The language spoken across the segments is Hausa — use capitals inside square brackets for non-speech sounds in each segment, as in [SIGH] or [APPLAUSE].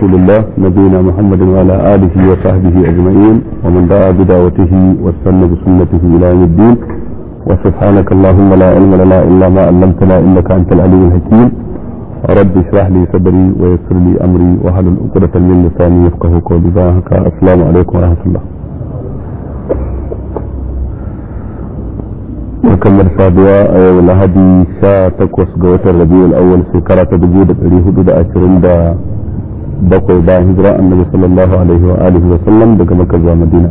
رسول الله نبينا محمد وعلى آله وصحبه أجمعين ومن دعا بدعوته واستنى بسنته إلى يوم الدين وسبحانك اللهم لا علم لنا إلا ما علمتنا إنك أنت العليم الحكيم رب اشرح لي صدري ويسر لي أمري واهل عقدة من لساني يفقه قولي ذاك السلام عليكم ورحمة الله مكمل صادوا a yau lahadi sha قوة الربيع الأول في كرة shekara ta دا أشرين bakwai bayan hijira annabi sallallahu alaihi wa alihi wa sallam daga makka zuwa madina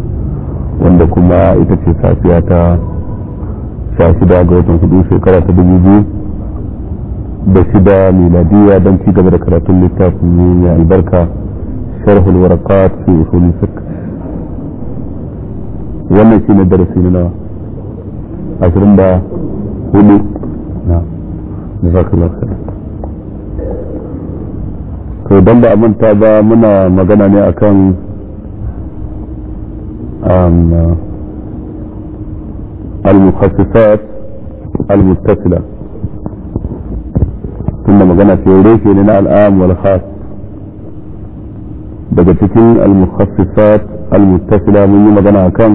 wanda kuma ita ce safiya ta sha shida ga watan hudu shekara ta dubu biyu da shida miladiya don ci gaba da karatun littafin ne mai albarka sharhul warakat fi usul fiqh wannan shine darasi na nawa ashirin da hudu na khairan to don ba manta ba muna magana ne akan al-mukhassisat al-muttasila tunda magana ce reshe ne na al'am wal khas daga cikin al-mukhassisat al-muttasila mun yi magana akan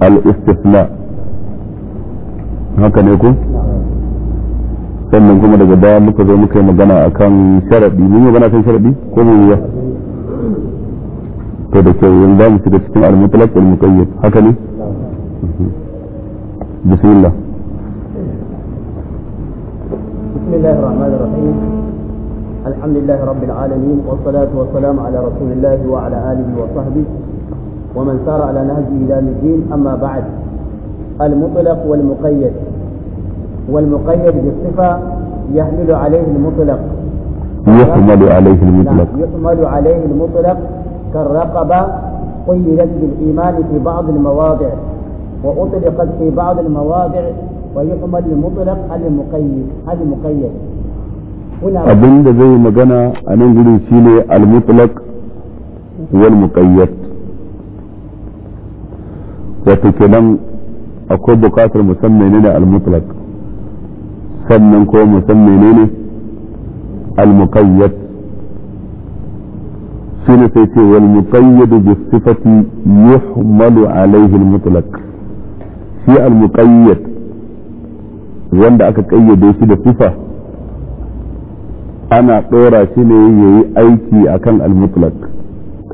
al-istithna haka ne ku sannan kuma daga baya muka zo muka yi magana akan sharadi mun yi magana kan sharadi ko mun yi to da kyau yanzu za mu shiga cikin al-mutlaq wal muqayyad haka ne bismillah بسم الله الرحمن الرحيم الحمد لله رب العالمين والصلاة والسلام على رسول الله وعلى آله وصحبه ومن سار على نهجه إلى الدين أما بعد المطلق والمقيد والمقيد بالصفة يحمل عليه المطلق يحمل عليه نعم، المطلق يحمل عليه المطلق كالرقبة قيدت بالإيمان في بعض المواضع وأطلقت في بعض المواضع ويحمل المطلق على المقيد على المقيد أبن زي ما جانا a نقول gudun المطلق والمقيد وفي كلام wal muqayyad مسمى لنا المطلق sannan ko mu san menene al-muqayyad shine sai ce wal muqayyad bi sifati yuhmalu alayhi al-mutlaq shi al-muqayyad wanda aka kayyade shi da sifa ana dora shi ne yayi aiki akan al-mutlaq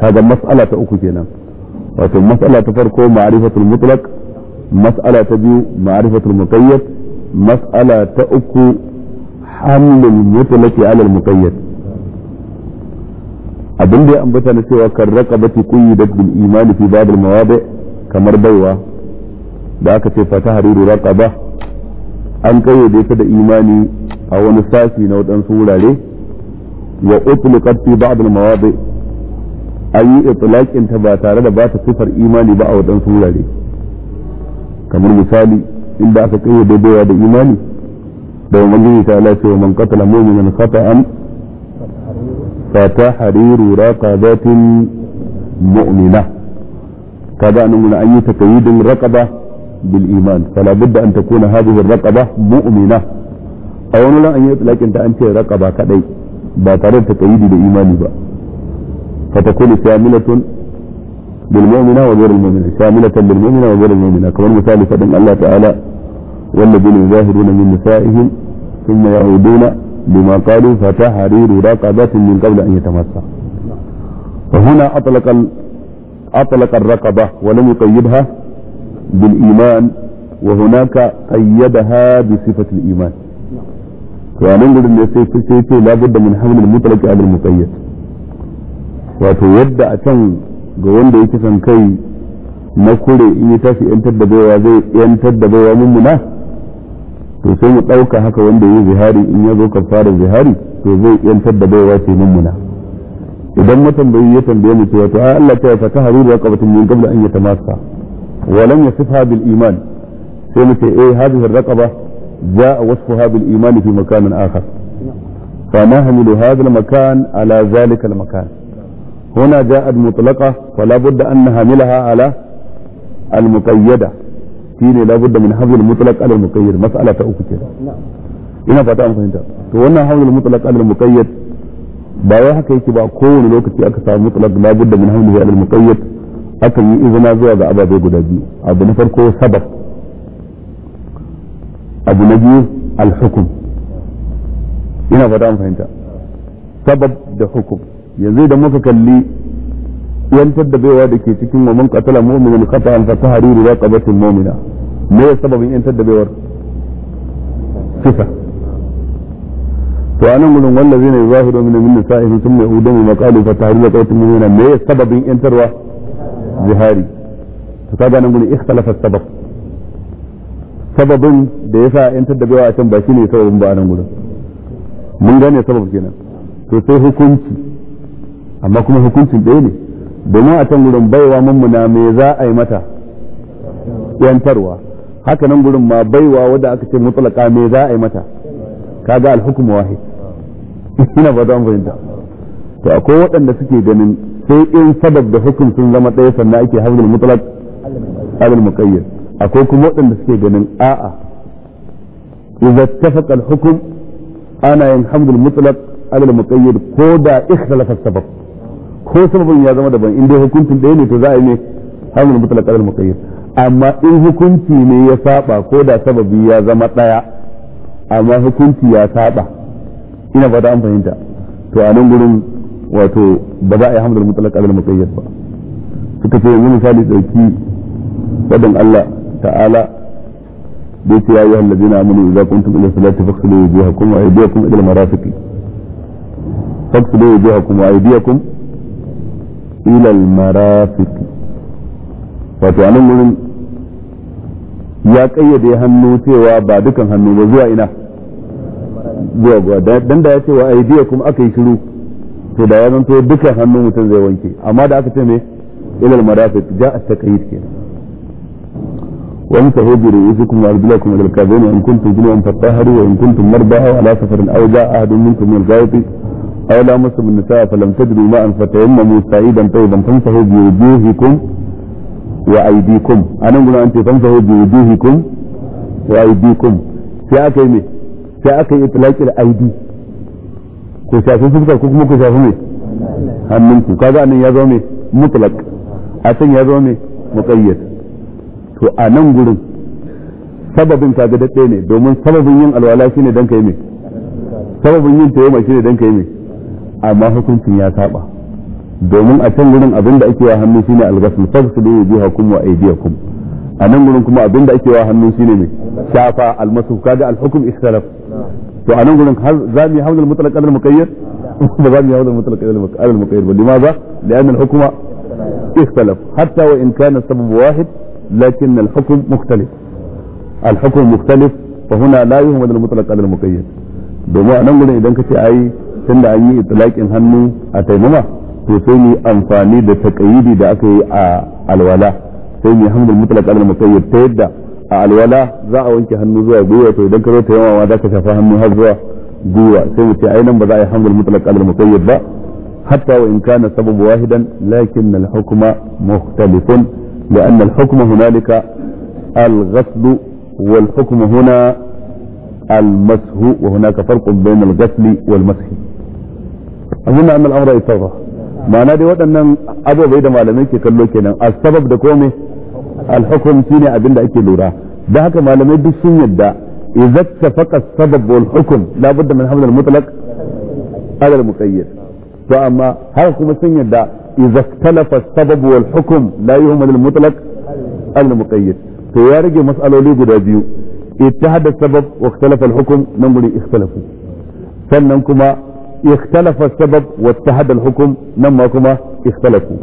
kaga mas'ala ta uku kenan wato mas'ala ta farko ma'rifatul mutlaq mas'ala ta biyu ma'rifatul muqayyad mas'ala ta uku hamlin mutlaqi ala al-muqayyad abin da ya ambata na cewa kan raqabati quyyidat bil iman fi bab al kamar baiwa da aka ce fata hariru raqaba an kayyade ta da imani a wani sashi na waɗansu wurare wa utliqat fi bab al an yi itlaqin ta ba tare da ba ta sifar imani ba a waɗansu wurare kamar misali inda aka kai daidaiwa da imani da ubangiji ta ala cewa man qatala mu'minan khata'an fa tahriru raqabatin mu'mina kaga nan mun an yi takayyidin raqaba bil iman fala budda an takuna hadhihi raqaba mu'mina a wani ran an yi tsalakin ta an ce raqaba kadai ba tare da takayyidi da imani ba fa takunu shamilatun بالمؤمنة وغير المؤمنة شاملة للمؤمنة وغير المؤمنة كما المثال فإن الله تعالى والذين يظاهرون من نسائهم ثم يعودون بما قالوا فتحرير رقبة من قبل أن يتمسى فهنا أطلق أطلق الرقبة ولم يقيدها بالإيمان وهناك قيدها بصفة الإيمان وننظر لسيتي لا بد من حمل المطلق على المقيد وتودع تن ga wanda yake san kai na kure in ya tashi yantar da baiwa zai yantar da baiwa mummuna to sai mu ɗauka haka wanda ya zihari in ya zo ka fara zihari to zai yantar da baiwa ce mummuna idan mutum bai ya tambaye mu cewa to ai Allah ta yasa ka haru da raqabatin min qabla an yatamassa wa lam yasifha bil iman sai mu ce eh hadhihi raqaba jaa wasfuha bil iman fi makanin akhar fa ma hamilu hadha al makan ala zalika al makan هنا جاءت مطلقة فلا بد أن نحملها على المقيدة شيني لا بد من حفظ المطلق على المقيد مسألة أكتر نعم. هنا فتاة مفهنتا هنا حفظ المطلق على المقيد باوا هكا يتبع كون الوقت أكثر مطلق لا بد من حفظه على المقيد أكي إذن أزوى ذا أبابي قدادي أبو نفر كو سبب أبو نجي الحكم هنا فتاة مفهنتا سبب الحكم yanzu da muka kalli yantar da baiwa da ke cikin wa man qatala an fata fa da raqabatin mu'mina me ya sababin yantar da baiwar kisa to anan gudun zai wallazina yuzahiru min min nisa'ihim thumma yahudumu fata fa da raqabatin mu'mina me ya sababin yantarwa zihari to kaga nan gudun ikhtalafa sabab sababin da yasa yantar da baiwa a can ba shine sababin ba anan gudun mun gane sabab kenan to sai hukunci amma kuma hukuncin ɗaya ne domin a can gurin baiwa mummuna me za a yi mata yantarwa haka nan gurin ma baiwa wadda aka ce mutlaka me za a yi mata kaga alhukum wahid [LAUGHS] ina ba don fahimta to akwai waɗanda suke ganin sai in sabab da hukum sun zama ɗaya sannan ake hazul mutlaq alal muqayyad akwai kuma waɗanda suke ganin a'a idza ittafaqa al-hukm ana yin hamdul mutlaq alal muqayyad ko da ikhtalafa sabab ko sababin ya zama daban inda dai hukuncin ɗaya ne to za a yi ne hamil mutlaq al muqayyad amma in hukunci ne ya saba ko da sababi ya zama ɗaya amma hukunci ya saba ina ba da an fahimta to a nan gurin wato ba za a yi hamdul mutlaq al muqayyad ba suka ce yanzu misali dauki wadan Allah ta'ala da yake ya yi hallazina amanu idza kuntum ila salati faghsilu wujuhakum wa aydiyakum ila al marafiqi faghsilu wujuhakum wa aydiyakum إلى المرافق وتعنى من ya kayyade hannu cewa ba dukan hannu ba zuwa ina zuwa dan da ya ce wa aidiya kuma aka yi shiru to da ya zanto dukan hannu mutum zai wanke amma da aka ce me ilal marafiq ja at taqyid kenan wa in tahidu ru'usukum wa arjulakum ila al-ka'bayn in kuntum junuban fatahharu wa in kuntum mardaa ala safarin aw jaa ahadun minkum min al-ghaib أو لامستم النساء فلم تجدوا ماء فتيمموا سعيدا طيبا فامسحوا بوجوهكم وأيديكم أنا أقول أنت فامسحوا بوجوهكم وأيديكم في أكي مي في أكي إطلاق الأيدي ku shafi fuskar ku kuma ku shafi me hannunku kaga anan ya zo me mutlak a can ya zo me muqayyad to a nan gurin sababin kaga dadde ne domin sababin yin alwala shine dan kai me sababin yin tayyama shine dan kai me amma hukuncin ya saba domin a can gurin abin da ake wa hannu shine fasdu fasilu bihakum wa aydiyakum a nan gurin kuma abin da ake wa hannu shine ne shafa almasu kaga alhukum istalaf to a nan gurin za mu yi hamdul mutlaq al muqayyad ba za mu yi hamdul mutlaq al muqayyad ba limaza lian al hukma istalaf hatta wa in kana sabab wahid lakin al hukm mukhtalif al hukm mukhtalif fa huna la yuhmad al mutlaq al muqayyad domin a nan gurin idan kace ce ai lokacin da an yi itlaqin hannu a taimama to sai mu amfani da taƙayyidi da aka yi a alwala sai mu hamdul mutlaq al muqayyad ta yadda a alwala za a wanke hannu zuwa gwiwa to idan ka zo taimama ma za ka shafa hannu har zuwa gwiwa sai mu ce ai nan ba za a yi hamdul mutlaq al muqayyad ba حتى وإن كان سبب واحدا al الحكم مختلف لأن الحكم هنالك الغسل والحكم هنا المسح وهناك فرق بين الغسل والمسح azumma amal amra ma'ana dai waɗannan ababai da malamai ke kallo kenan asbab da kome al-hukm shine binda ake lura da haka malamai duk sun yadda idza tafaqa sabab wal hukm la budda min haml al-mutlaq ala al to amma har kuma sun yadda idza ikhtalafa sabab wal hukm la yuhmal al-mutlaq ala al-muqayyad to ya rage mas'aloli guda biyu ittihada sabab wa sannan kuma اختلف السبب واتحد الحكم لما كما اختلفوا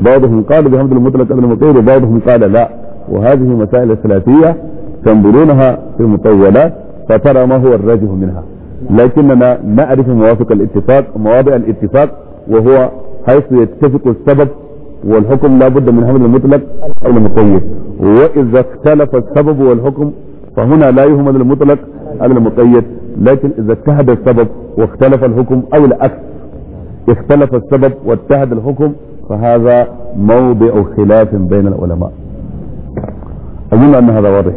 بعضهم قال بحمد المطلق ابن المقيد وبعضهم قال لا وهذه مسائل ثلاثية تنظرونها في المطولات فترى ما هو الراجح منها لكننا نعرف موافق الاتفاق مواضع الاتفاق وهو حيث يتفق السبب والحكم لا بد من حمل المطلق او المقيد واذا اختلف السبب والحكم فهنا لا يهمل المطلق او المقيد لكن اذا اجتهد السبب واختلف الحكم أو العكس اختلف السبب واتحد الحكم فهذا موضع خلاف بين العلماء أظن أن هذا واضح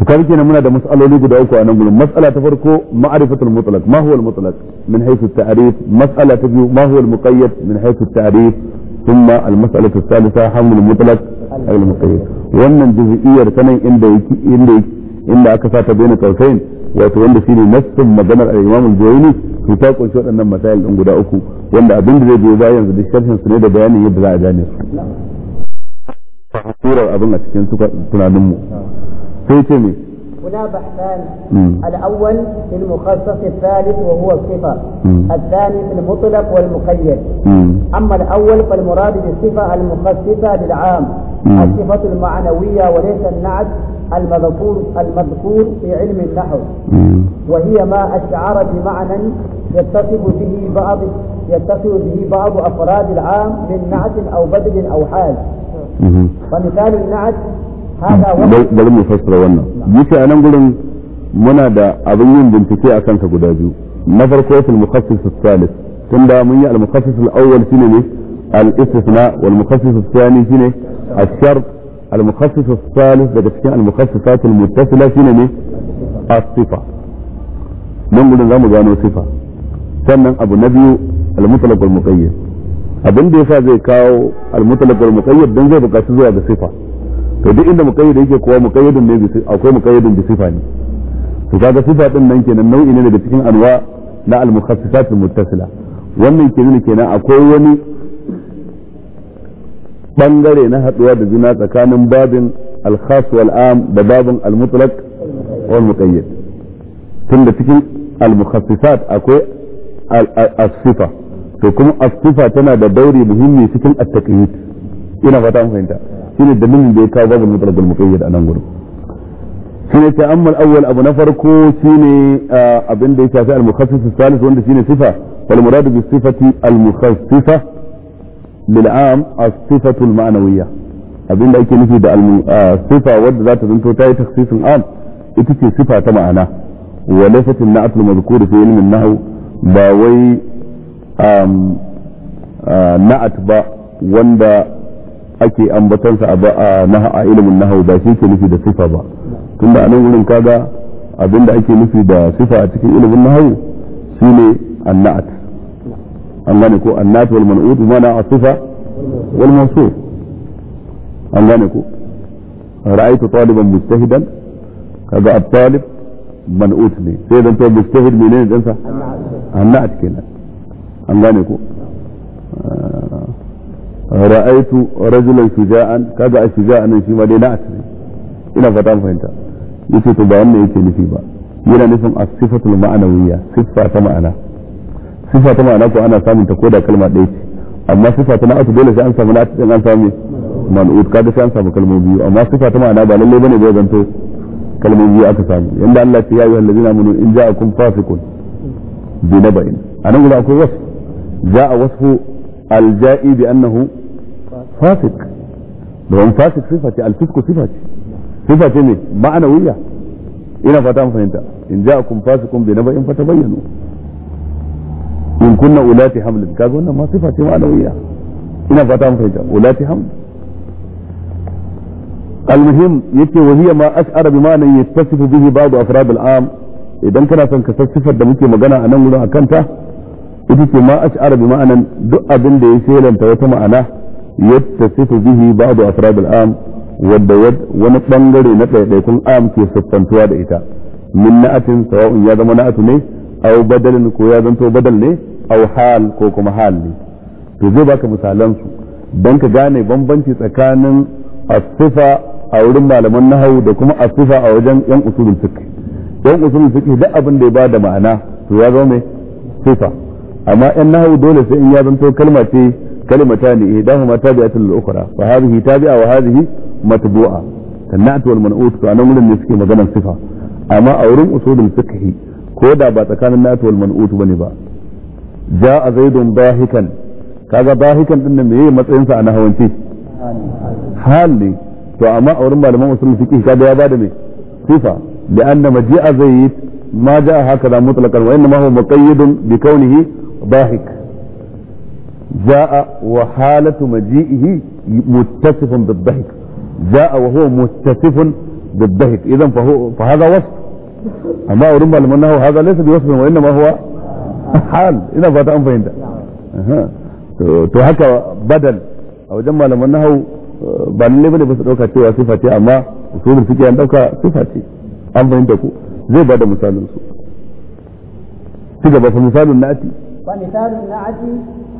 فكذلك منا ده مسألة قد أوكو أنا أقول مسألة تفرقه معرفة المطلق ما هو المطلق من حيث التعريف مسألة تبيو ما هو المقيد من حيث التعريف ثم المسألة الثالثة حمل المطلق أي المقيد وأن الجزئية تنين إن إن إن أكفى بين طرفين wato wanda shi ne nassin maganar al-Imam al-Juwayni to ta kunshi waɗannan masail din guda uku wanda abin da zai biyo bayan yanzu duk sharhin su ne da bayanin yadda za a gane su surar abin a cikin tunaninmu sai ce me هنا بحثان الأول في المخصص الثالث وهو الصفة الثاني في المطلق والمقيد أما الأول فالمراد بالصفة المخصصة للعام الصفة المعنوية وليس النعت المذكور المذكور في علم النحو وهي ما أشعر بمعنى يتصف به بعض يتصف به بعض أفراد العام من نعت أو بدل أو حال فمثال النعت bari mu fassara wannan yace a nan gurin muna da abin yin bincike a kansa guda biyu na farko fil mukhassis al-thalith tunda mun yi al-mukhassis al-awwal shine ne al-istithna wal mukhassis al-thani shine al-shart al-mukhassis al-thalith daga cikin al-mukhassisat al-muttasila shine ne as-sifa nan gurin zamu gano sifa sannan abu na biyu al-mutlaq wal muqayyad abin da yasa zai kawo al-mutlaq wal muqayyad dan zai bukaci zuwa ga sifa to duk inda muqayyid yake kuwa muqayyidun ne akwai muqayyidun bi sifa ne to kaga sifa din nan kenan nau'i ne daga cikin anwa na al-mukhassisat al-muttasila wannan ke nuna kenan akwai wani bangare na haduwa da juna tsakanin babin al-khas wal am da babin al-mutlaq wal muqayyid tunda cikin al-mukhassisat akwai as-sifa to kuma as-sifa tana da dauri muhimmi cikin at-taqyid ina fata mun fahimta shine dalilin da ya kawo babu mutlaq al muqayyad a nan gurin shine ta ammal awwal abu na farko shine abin da ya shafi al mukhassis salis wanda shine sifa wal muradu bi sifati al mukhassisa lil am as sifatu al ma'nawiyya abin da ake nufi da al sifa wadda za ta zanto ta yi takhsisin am ita ce sifa ta ma'ana wa laysat an na'at al mazkur fi ilm an nahw ba wai na'at ba wanda ake ambatansa a naha a ilimin nahawu ba shi ke nufi da sifa ba tunda a nan wurin kaga abinda ake nufi da sifa a cikin ilimin nahawu shine annat an gane ko annat wal man'ut mana a sifa wal mawsuf an gane ko ra'aytu taliban mujtahidan kaga at-talib man'ut ne sai dan to mujtahid menene dan sa annat kenan an gane ko ah. ra'aitu rajulan shuja'an kaga a shuja'an shi ma dai na'at ne ina fata fahimta yace to ba wannan yake nufi ba yana nufin as-sifatul ma'anawiyya sifa ta ma'ana sifa ta ma'ana ko ana samun ta koda kalma ɗaya ce amma sifa ta na'at dole sai an samu na'at din an samu man'ut kaga sai an samu kalmomi biyu amma sifa ta ma'ana ba lalle bane bai zanto kalmomi biyu aka samu yanda Allah ya yi ya ayyuhal ladina in ja'akum fasiqun bi naba'in anan guda akwai za ja'a wasu. الجائي بأنه فاسق لهم فاسق صفتي الفسق صفتي صفتي إيه؟ من معنوية إن فتان فهمت إن جاءكم فاسق بنبأ فتبينوا إن كنا أولاة حمل كذا ما صفتي معنوية إن فتان فهمت أولاة حمل المهم يتي وهي ما أشعر بمعنى يتصف به بعض أفراد العام إذا كانت فنكسر صفة دمكي مجانا أنا أقول أكنتها ita ce ma ash'ara bi ma'anan duk abin da ya shelanta wata ma'ana yattasifu bihi ba'du afrad al-am wadda wani bangare na ɗaiɗaikun am ke sassantuwa da ita min na'atin sawa'un ya zama na'atu ne aw badalin ko ya zanto badal ne aw hal ko kuma hal ne to zai baka misalan su dan ka gane bambanci tsakanin asifa a wurin malaman nahawu da kuma asifa a wajen yan usulul fiqh yan usulul fiqh duk abin da ya bada ma'ana to ya zama mai sifa amma in nahu dole sai in ya zanto kalma ce kalimata ne ihdahuma tabi'atun lil ukhra fa hadhihi tabi'a wa hadhihi matbu'a kannatu wal man'ut to anan wurin ne suke maganar sifa amma a wurin usulul fiqh ko da ba tsakanin natu wal man'ut bane ba ja'a zaidun bahikan kaga bahikan din nan meye matsayin sa a nahawance hali to amma a wurin malaman usulul fiqh kaga ya bada me sifa da anna maji'a zaid ma ja'a hakaza mutlaqan wa inma huwa muqayyidun bi kaunihi ضاحك جاء وحالة مجيئه متسف بالضحك جاء وهو متسف بالضحك اذا فهو فهذا وصف اما أرمى ما لمنه هذا ليس بوصف وانما هو حال اذا فات ام فهمت اها تهكا بدل او جمع لمنه بل لي بس دوكا تيوا صفتي اما اصول الفقه ان دوكا صفتي ام فهمتكو زي بدل مثال سيجب فمثال النأتي فمثال النعت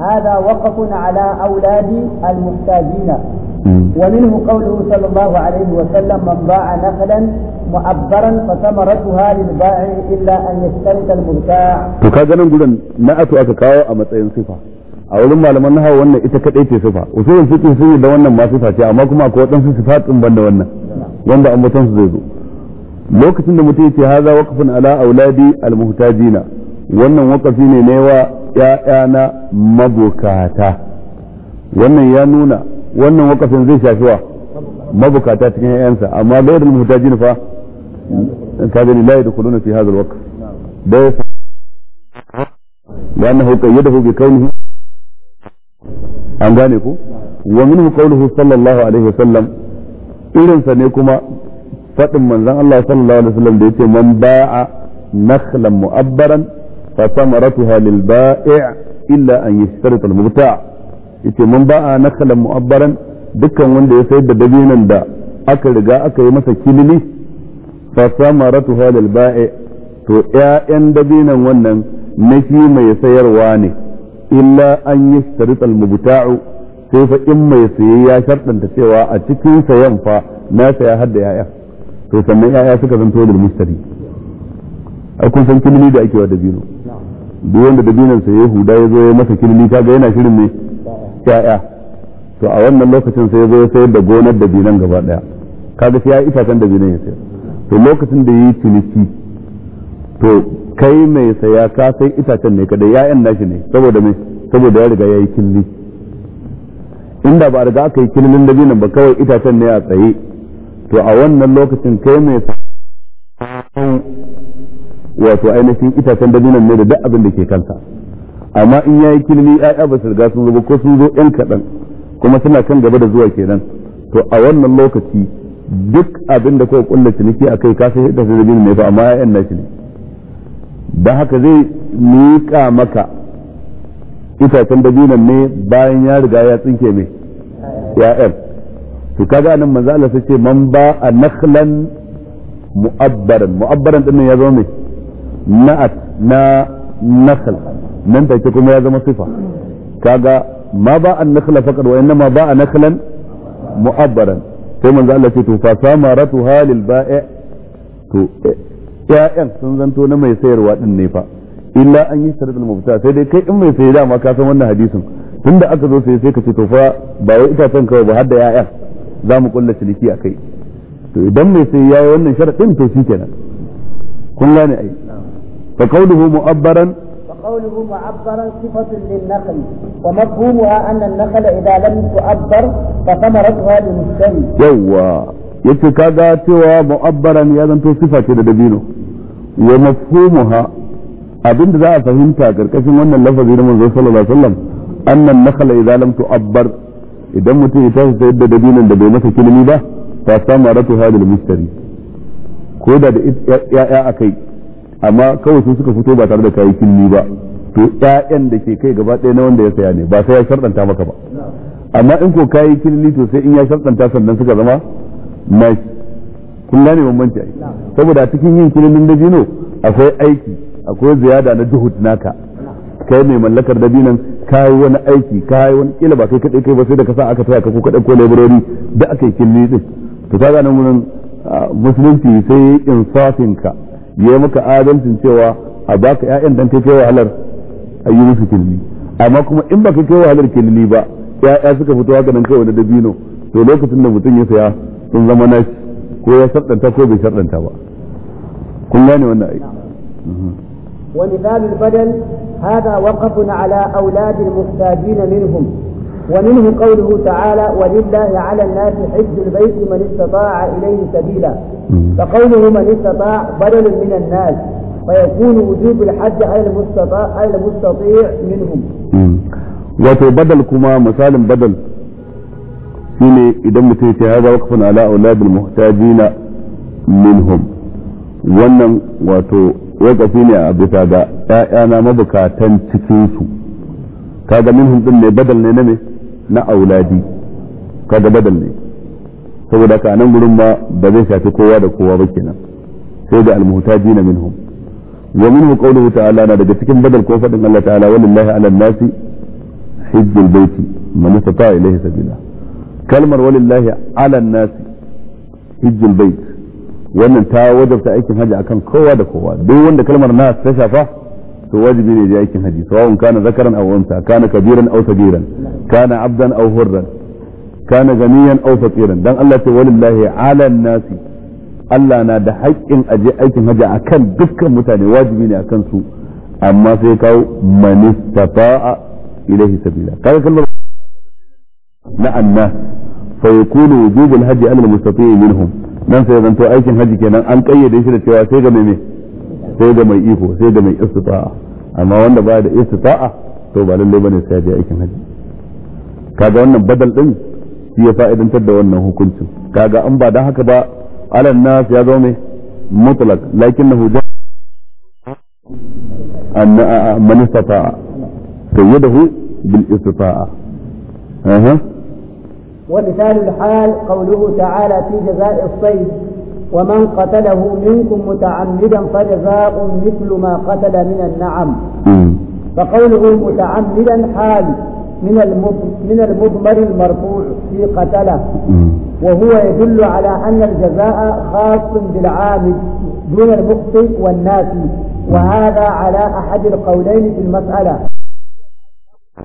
هذا وقف على أولاد المحتاجين ومنه قوله صلى الله عليه وسلم من باع نخلا معبرا فثمرتها للبائع إلا أن يشترك المبتاع وكذا نقول نعت أتكاو أما صفه. أول ما لمنها نهى وأن إتكت إيتي صفة وسوء الفتح سوء لوانا ما صفة أما كما قوتنا في صفات أمبان لوانا وأن أما تنصف لوكة المتيتي هذا وقف على أولادي المهتاجين wannan wakafi ne ne wa ‘ya'yana mabukata wannan ya nuna wannan wakafin zai shafi wa mabukata cikin ‘ya'yansa amma gairin muhtajin fa ka gani da kuluna fi hadha al-waqf da ya لأنه قيده بكونه an gane ku wa min qawluhu sallallahu alaihi wasallam irin sa ne kuma fadin manzon Allah sallallahu alaihi wasallam da yace man ba'a nakhlan mu'abbaran فثمرتها للبائع إلا أن يشترط المبتاع yace mun ba'a nakalan mu'abbaran dukkan wanda ya sayar da dabinan da aka riga aka yi masa kilili fa samaratuha lil ba'i to ƴaƴan dabinan wannan na shi mai sayarwa ne illa an yashtarit al mubta'u sai fa in mai saye ya sharɗanta cewa a cikin sayan fa na saya har da ƴaƴa to sannan ƴaƴa suka zanto lil mustari a kun san kilili da ake wa dabino duk wanda dabinan sa ya huda ya zo ya masa kirmi kaga yana shirin ne ya'ya to a wannan lokacin sai ya zo ya sayar da gonar dabinan gaba daya kaga sai ya itacen dabinan ya sayar to lokacin da yi ciniki to kai mai saya ka sai itacen ne kada ya'yan nashi ne saboda me saboda ya riga yayi kirmi inda ba a riga aka yi kilmin dabinan ba kawai itacen ne a tsaye to a wannan lokacin kai mai saya wato ainihin itacen dabinan ne da duk abin da ke kansa amma in yayi kilmi ya'ya ba su riga sun zo ko sun zo ɗan kaɗan kuma suna kan gaba da zuwa kenan to a wannan lokaci duk abin da kuka kulla ciniki a kai ka sai da dabinan ne ba amma ya'yan na shi ne don haka zai miƙa maka itacen dabinan ne bayan ya riga ya tsinke mai ya'yan to kaga nan manzo Allah man ba a nakhlan mu'abbaran mu'abbaran din ya zo mai na'at na nakhl nan take kuma ya zama sifa kaga ma ba an nakhla faqad wa inma ba an nakhlan mu'abbaran sai manzo Allah ce to fa samaratu halil ba'i to ya'yan sun zanto na mai sayarwa din ne fa illa an yi sharadul mubta sai dai kai in mai sayi dama ka san wannan hadisin tunda aka zo sai sai ka ce to fa ba wai itacen kawai ba har da ya'yan za mu kulla ciniki a kai to idan mai sai yayi wannan sharadin to shikenan kun gane ai فقوله مؤبرا وقوله معبرا صفة للنخل ومفهومها أن النخل إذا لم تعبر فثمرتها لمشتري يوا yace kaga cewa mu'abbaran ya zanto sifa ce da dabino wa mafhumuha abinda za a fahimta karkashin wannan lafazi na manzo sallallahu alaihi wasallam annan nakhala idza lam tu'abbar idan mutum ya tashi sayar da dabinon da bai masa kilimi ba fa samaratu hadal mustari ko da da ya'ya akai amma kawai sun suka fito ba tare da kayi kinni ba to ƴaƴan da ke kai gaba ɗaya na wanda ya saya ne ba sai ya sharɗanta maka ba amma in ko kayi kinni to sai in ya sharɗanta sannan suka zama nashi kun gane bambanci ai saboda cikin yin kinnin dabino akwai aiki akwai ziyada na duhud naka kai mai mallakar dabinan ka kai wani aiki kai wani kila ba kai kadai kai ba sai da ka sa aka taya ka ko ka ko library da aka yi kinni din to kaga nan ah, musulunci sai insafin ka ya maka adalcin cewa a baka ƴaƴan dan kai kai wahalar ayi musu kilmi amma kuma in baka kai wahalar kilmi ba ƴaƴa suka fito haka nan kai wani dabino to lokacin da mutum ya saya sun zama nashi ko ya sardanta ko bai sardanta ba kun gane wannan ai wani ومثال badal hada وقف ala أولاد المحتاجين minhum ومنه قوله تعالى ولله على الناس حج البيت من استطاع اليه سبيلا فقوله من استطاع بدل من الناس فيكون وجوب الحج على المستطاع على المستطيع منهم. واتو بدل كما مسالم بدل شيني اذا متيت هذا وقف على اولاد المحتاجين منهم. wannan wato wakafi ne a bisa ga 'ya'yana mabukatan cikinsu ka ga minhum na auladi kaga badal ne saboda ka nan gurin ma ba zai shafi kowa da kowa ba kenan sai da almuhtajina minhum wa minhu qawluhu ta'ala na daga cikin badal ko fadin Allah ta'ala walillahi 'ala an-nasi hajjul baiti man istata ilayhi sabila kalmar walillahi 'ala an-nasi hajjul bait wannan ta wajabta aikin haji akan kowa da kowa duk wanda kalmar nas ta shafa to wajibi ne da aikin haji sawa'un kana zakaran aw unsa kana kabiran aw sagiran kana abdan aw hurran kana ganiyan aw faqiran dan Allah ce walillahi ala nasi Allah na da haƙƙin aje aikin haji akan dukkan mutane wajibi ne akan su amma sai kawo man istata'a ilayhi sabila kaga kallon na annas fa yakunu wujubul haji ala almustati'i minhum nan sai zanto aikin haji kenan an kayyade shi da cewa sai ga mai sai ga mai iko sai ga mai istita'a amma wanda ba da isa ta'a to ba lalle bane sai ya aikin haji kaga wannan badal din shi ya fa'idantar da wannan hukuncin kaga an ba dan haka ba alan nas ya zo mai mutlaq lakinnahu an man istata'a sayyadahu bil istita'a aha ومثال الحال قوله تعالى في جزاء الصيد ومن قتله منكم متعمدا فجزاء مثل ما قتل من النعم فقوله متعمدا حال من من المضمر المرفوع في قتله وهو يدل على أن الجزاء خاص بالعامل دون المخطئ والناسي وهذا على أحد القولين في المسألة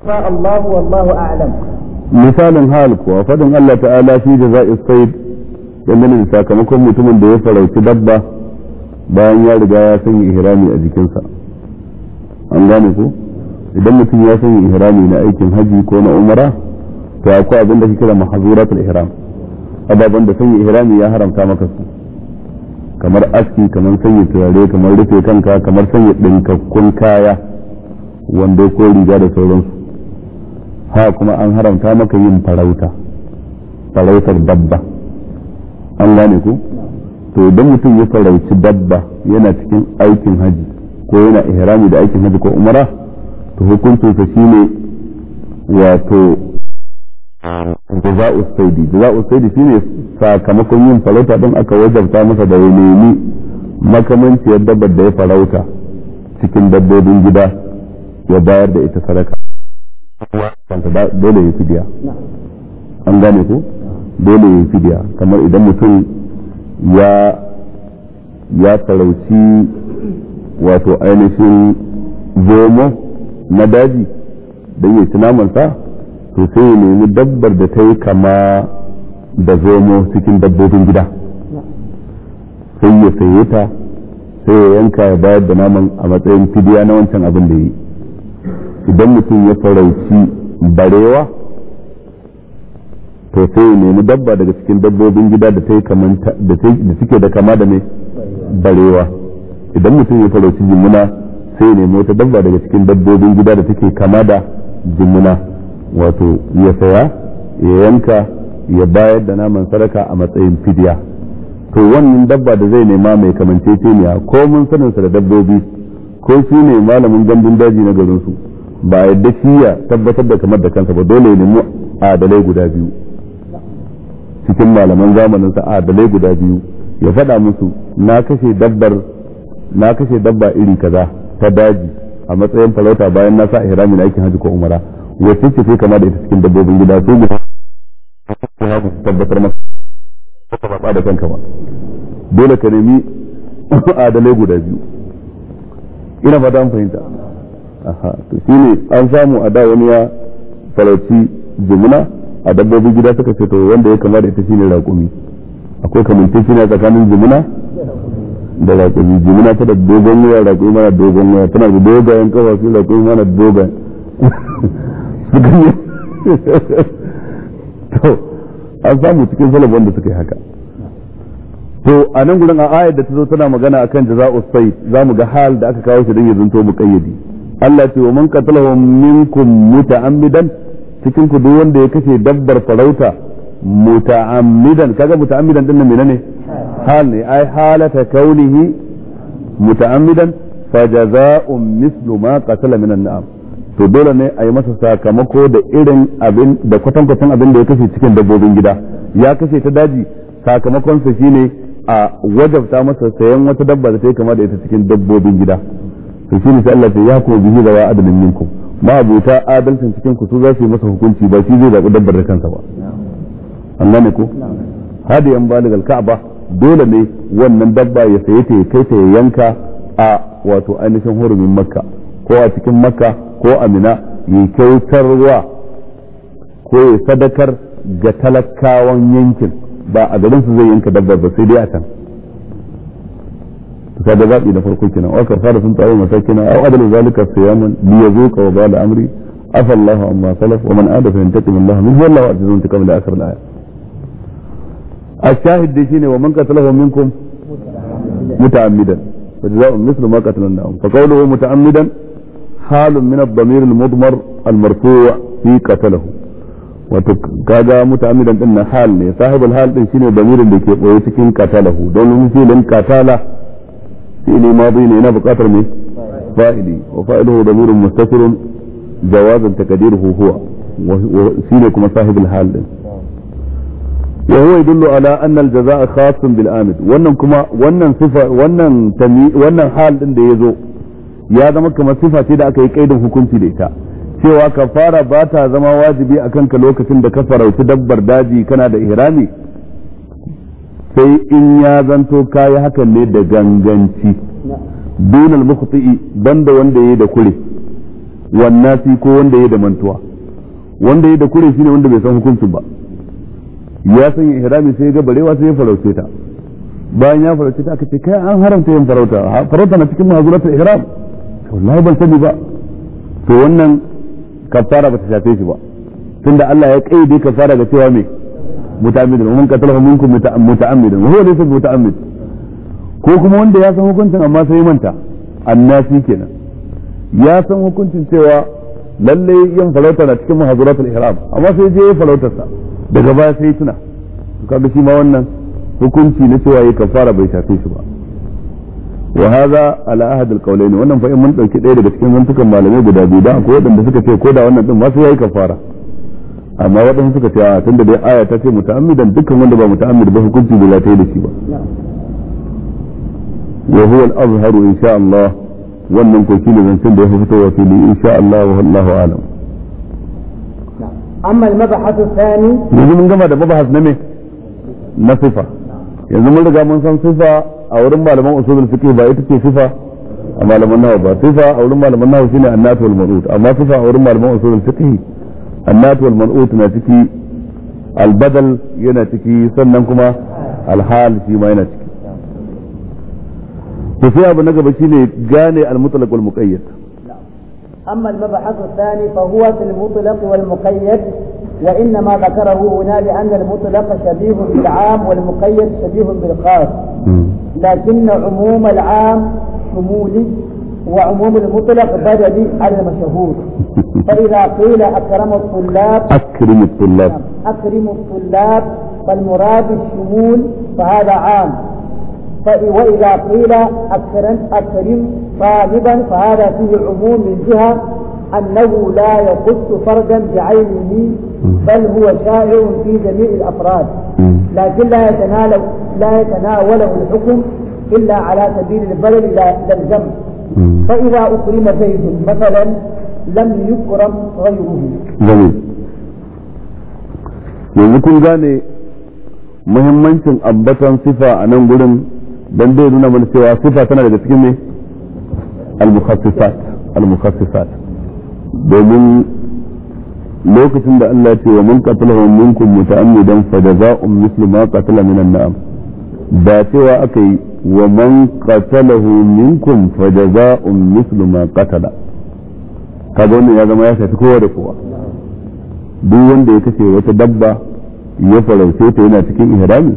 شاء الله والله أعلم مثال هالك وفد الله تعالى في جزاء الصيد yadda ne sakamakon mutumin da ya farauci dabba bayan ya riga ya sanya ihrami a jikinsa an gane ko idan mutum ya sanya ihrami na aikin haji ko na umara to akwai abin da kake kira mahazurata ihram ababen da sanya ihrami ya haramta maka su kamar aski kamar sanya turare kamar rufe kanka kamar sanya ɗinkakkun kaya wanda ko riga da sauransu ha kuma an haramta maka yin farauta farautar dabba an gane ku to idan mutum ya farauci dabba yana cikin aikin haji ko yana ihrami da aikin haji ko umara to hukuncinsa shine wato jaza'u saidi jaza'u saidi shine sakamakon yin farauta din aka wajabta masa da nemi makamanciyar dabbar da ya farauta cikin dabbobin gida ya bayar da ita sadaka dole an gane ku dole ya fidiya kamar idan mutum ya ya farauci wato ainihin zomo na daji don yi ci to sai ya nemi dabbar da ta yi kama da zomo cikin dabbobin gida sai ya saye ta sai ya yanka ya bayar da naman a matsayin fidiya na wancan abin da yi idan mutum ya farauci barewa to sai ya nemi dabba daga cikin dabbobin gida da ta da suke da kama da mai barewa idan mutum ya farauci jimuna sai ya nemi wata dabba daga cikin dabbobin gida da take kama da jimuna wato ya saya ya yanka ya bayar da naman sadaka a matsayin fidiya to wannan dabba da zai nema mai kamanceceniya ko mun saninsa da dabbobi ko shi ne malamin gandun daji na garinsu ba yadda shi ya tabbatar da kamar da kansa ba dole ya nemi adalai guda biyu cikin malaman zamanin sa adalai guda biyu ya faɗa musu na kashe dabbar na kashe dabba iri kaza ta daji a matsayin farauta bayan na sa ihrami na aikin hajji ko umara wacce ce ce kama da ita cikin dabbobin gida su mu tabbatar masa ka ba da kanka ba dole ka nemi adalai guda biyu ina fata an fahimta aha to shine an samu a da wani ya farauci jumla a dabbobin gida suka ce to wanda ya kama da ita shine raƙumi akwai kamantacciya tsakanin jimina da raƙumi jimina ta da dogon waya raƙumi mana dogon waya tana da dogayen kafa su raƙumi mana dogayen [LAUGHS] Su yi [LAUGHS] to an samu cikin salaf wanda suka yi haka to a nan gurin a ayar da ta zo tana magana akan jaza usai. za mu ga hal da aka kawo shi don ya zanto muƙayyadi Allah ce wa man qatalahum minkum muta'ammidan cikin ku duk wanda ya kashe dabbar farauta muta'ammidan kaga muta'ammidan din nan ne hal ne ai halata kaunihi muta'ammidan fajaza'un mislu ma qatala min an-na'am to dole ne a yi masa sakamako da irin abin da kwatan kwatan abin da ya kashe cikin dabbobin gida ya kashe ta daji sakamakon sa shine a wajabta masa sayan wata dabba da ta yi kama da ita cikin dabbobin gida to shine sai Allah ya ku bihi da wa adalin minkum ma'abuta adalcin cikin ku su za su yi masa hukunci ba shi zai zaɓi dabbar da kansa ba Allah ne ko hadi yan balig alka'aba dole ne wannan dabba ya saye ta ya kai ta ya yanka a wato ainihin hurumin makka ko a cikin makka ko a amina ya kyautarwa ko ya sadakar ga talakawan yankin ba a garin su zai yanka dabba ba sai dai a can فهذا باب إلى فرقتنا وأكر خالف أنت أول مساكنا أو أدل ذلك صياما ليذوق وبال أمري عفى الله عما سلف ومن عاد فينتقم الله منه والله عزيز انتقام إلى آخر الآية الشاهد ديشيني ومن قتله منكم متعمدا فجزاء مثل ما قتلناهم فقوله متعمدا حال من الضمير المضمر المرفوع في قتله وتك كذا متعمدا ان حال صاحب الحال ديشيني ضمير اللي كيف ويتكين قتله دون مثيل قتله fi'ili madi ne yana buƙatar me fa'ili wa fa'iluhu damirun mustatirun jawazan takadiruhu shine kuma sahibul hal din وهو يدل على أن الجزاء خاص بالآمد wannan kuma wannan hal ɗin da ya zo ya zama kamar sifa ce da aka yi kaidin hukunci da ita cewa kafara ba ta zama wajibi akan ka lokacin da ka farauci dabbar daji kana da ihrami sai in ya zanto kayi hakan ne da ganganci dunal mukhti'i banda wanda yayi da kure wannasi ko wanda yayi da mantuwa wanda yayi da kure shine wanda bai san hukuncin ba ya san ihrami sai ga barewa sai ya farauce ta bayan ya farauce ta aka ce kai an haramta yin farauta farauta na cikin mazuratul ihram wallahi ban sani ba to wannan kafara ba ta shafe shi ba tunda Allah ya kaide kafara ga cewa me muta'ammidan wa man ko kuma wanda ya san hukuncin amma sai manta annasi kenan ya san hukuncin cewa lalle yin falauta na cikin mahazuratul ihram amma sai je farautar sa daga baya sai tuna to kaga shi ma wannan hukunci na cewa yayi kafara bai shafe shi ba wa hadha ala ahad alqawlayn wannan fa in mun dauki daya daga cikin zantukan malamai guda biyu da akwai wadanda suka ce ko da wannan din ma sai yayi kafara amma waɗansu suka ce a tunda dai aya ta ce muta'ammidan dukkan wanda ba muta'ammid ba hukunci ba za ta yi da shi ba wa huwa al-azhar insha Allah wannan ko shine zancen da ya fitowa fili insha Allah wa Allahu alam amma al-mabahatu thani yanzu mun gama da mabahas na me na sifa yanzu mun riga mun san sifa a wurin malaman usulul fiqh ba ita ce sifa a malaman nawa ba sifa a wurin malaman nawa shine annatu wal marud amma sifa a wurin malaman usulul fiqh النات والمنؤوت ناتكي البدل يناتكي سننكما الحال فيما يناتكي وفي أبو نقب شيني جاني المطلق والمقيد أما المبحث الثاني فهو في المطلق والمقيد وإنما ذكره هنا لأن المطلق شبيه بالعام والمقيد شبيه بالخاص لكن عموم العام شمولي وعموم المطلق بدا على المشهور فإذا قيل أكرم الطلاب أكرم الطلاب نعم. أكرم الطلاب فالمراد الشمول فهذا عام وإذا قيل أكرم أكرم طالبا فهذا فيه عموم من جهة أنه لا يخص فردا بعينه بل هو شائع في جميع الأفراد لكن لا يتناول لا يتناوله الحكم إلا على سبيل البلد إلى الجمع فإذا أكرم زيد مثلا لم يكرم غيره جميل yanzu kun gane muhimmancin ambatan sifa a nan gurin don bai nuna mana cewa sifa tana daga cikin ne al-mukhassisat domin lokacin da Allah ce wa mun qatala minkum muta'ammidan fa fada mislu ma qatala minan na'am ba cewa aka yi wa man qatalahu minkum fa jazaa'un mislu ma qatala kaga wannan ya zama ya shafi kowa da kowa duk wanda ya kace wata dabba ya farauce ta yana cikin ihrami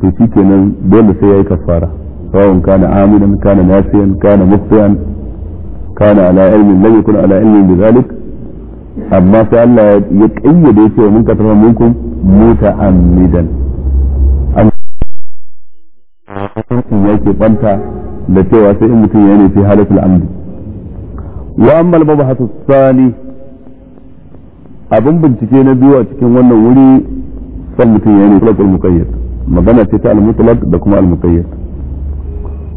to shikenan dole sai yayi kafara sawan kana aminan kana nasiyan kana muftiyan kana ala ilmin lam yakun ala ilmin bidhalik amma sai Allah ya kayyade cewa mun mota minkum muta'ammidan hukuncin ya ke banta da cewa sai in mutum yana ne fi halatul amdi wa amma al-mabahatu tsani abin bincike na biyu a cikin wannan wuri san mutum ya ne mutlaqul muqayyad magana ce ta al-mutlaq da kuma al-muqayyad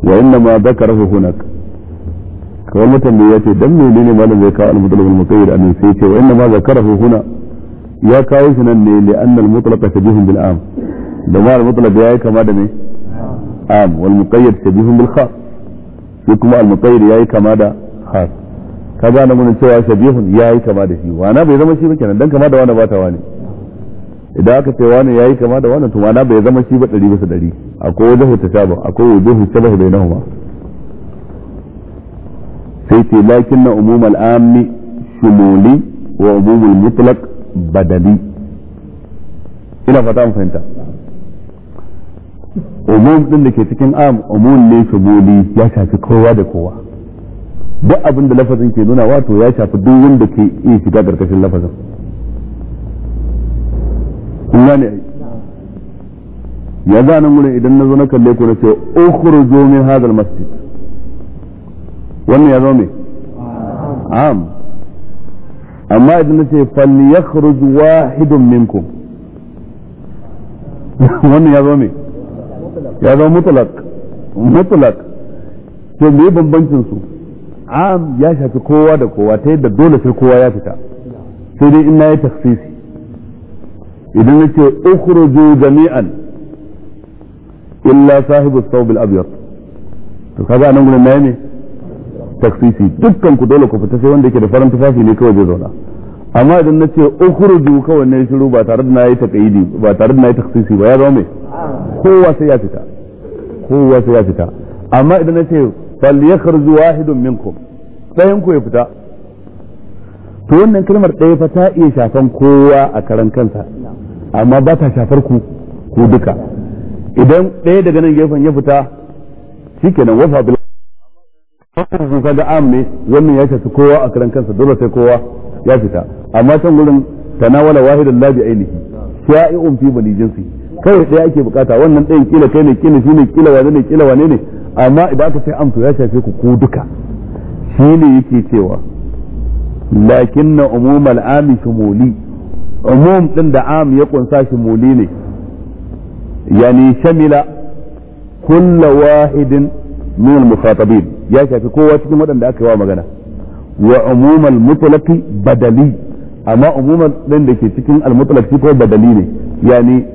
wa inna ma dhakarahu hunak kawai mutum ya ce dan menene malam zai kawo al-mutlaq al-muqayyad annabi sai ce wa inna ma dhakarahu huna ya kawo shi nan ne li'anna al-mutlaq tajihun bil am da ma al-mutlaq ya yi kama da me العام والمقيد شبيه بالخاص shi kuma al-muqayyid yayi kama da khas ka gane mun cewa shabihun yayi kama da shi wana bai zama shi ba kenan dan kama da wani ba ta wani idan aka ce wani yayi kama da wani to wana bai zama shi ba 100 bisa 100 akwai wajhu tashabu akwai wajhu shabahu bainahuma sai ce lakin na umum al-ammi wa umum al-mutlaq badali ina fata mun fahimta umum din da ke cikin am umum ne boli ya shafi kowa da kowa duk abin da lafazin ke nuna wato ya shafi duk wanda ke iya shiga karkashin lafazin kun gane ai ya za nan idan na zo na kalle ku na ce ukhrujo min hadal masjid wannan ya zo me am amma idan na ce falyakhruj wahidun minkum [LAUGHS] wannan ya zo me ya zama mutlaq mutlaq to me bambancin su am ya shafi kowa da kowa ta yadda dole sai kowa ya fita sai dai in ya taksisi idan yace ukhruju jami'an illa sahibu thawb al-abyad to kaga nan gurin nayi ne taksisi dukkan ku dole ku fita sai wanda yake da farin tufafi ne kawai zai zauna amma idan na ce ukhruju kawai ne shiru ba tare da nayi takaidi ba tare da nayi taksisi ba ya zama me kowa sai ya fita kowa sai ya fita amma idan na ce falyakhruju wahidun minkum ɗayan ku ya fita to wannan kalmar ɗaya fa ta iya shafan kowa a karan kansa amma ba ta shafar ku ku duka idan ɗaya daga nan gefen ya fita shikenan wafa bil kaga ga ne wannan ya shafi kowa a karan kansa dole sai kowa ya fita amma can gurin tanawala wahidan la ainihi sha'i'un fi bani jinsi kawai sai ake bukata wannan ɗayan kila kai ne kila shi ne kila wane ne kila wane ne amma idan aka ce amsu ya shafe ku ko duka shi ne yake cewa lakin na umum al'ami shumuli umum din da am ya kunsa shumuli ne yani shamila kulla wahidin min al-mukhatabin ya shafi kowa cikin waɗanda aka yi wa magana wa umum al-mutlaqi badali amma umuman din da ke cikin al-mutlaq ko badali ne yani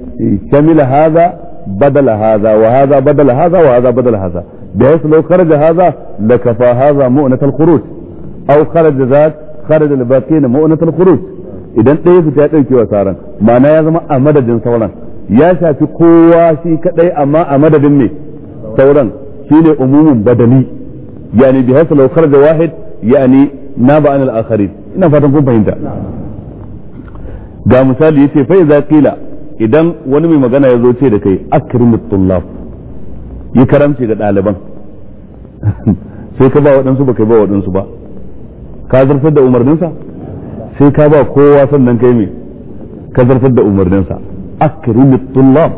كمل هذا بدل هذا وهذا بدل هذا وهذا بدل هذا بحيث لو خرج هذا لكفى هذا مؤنة الخروج او خرج ذات خرج الباقين مؤنة الخروج اذا تيف تاتيك وسارا ما نازم امدد جن سولا يا شافي قوة شي كتاي اما امدد جنمي سولا شيني اموم بدني يعني بحيث لو خرج واحد يعني ناب عن الاخرين انا فاتنكم بهندا قام سالي فاذا قيل idan wani mai magana ya zo ce da kai akrimut tullab yi karamci ga ɗaliban [LAUGHS] sai ka ba waɗansu ba kai ba waɗansu ba ka zartar da umarninsa sai ka ba kowa sannan kai me ka zartar da umarninsa akrimut tullab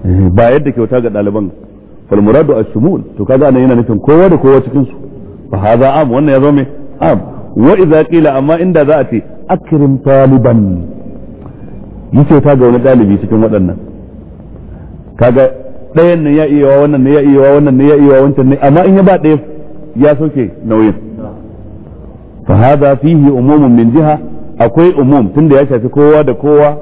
[LAUGHS] ba yadda kyauta ga ɗaliban fal muradu ash to kaga anan yana nufin kowa da kowa cikin su fa hadha am wannan ya zo mai am wa idza qila amma inda za a ce akrim taliban yi kyauta ga wani ɗalibi cikin waɗannan kaga ɗayan ne ya iya wa wannan ne ya iya wa wannan ne ya iya wa wancan ne amma in ya ba ɗaya ya soke nauyin fa hada fihi umumun min jiha akwai umum tunda ya shafi kowa da kowa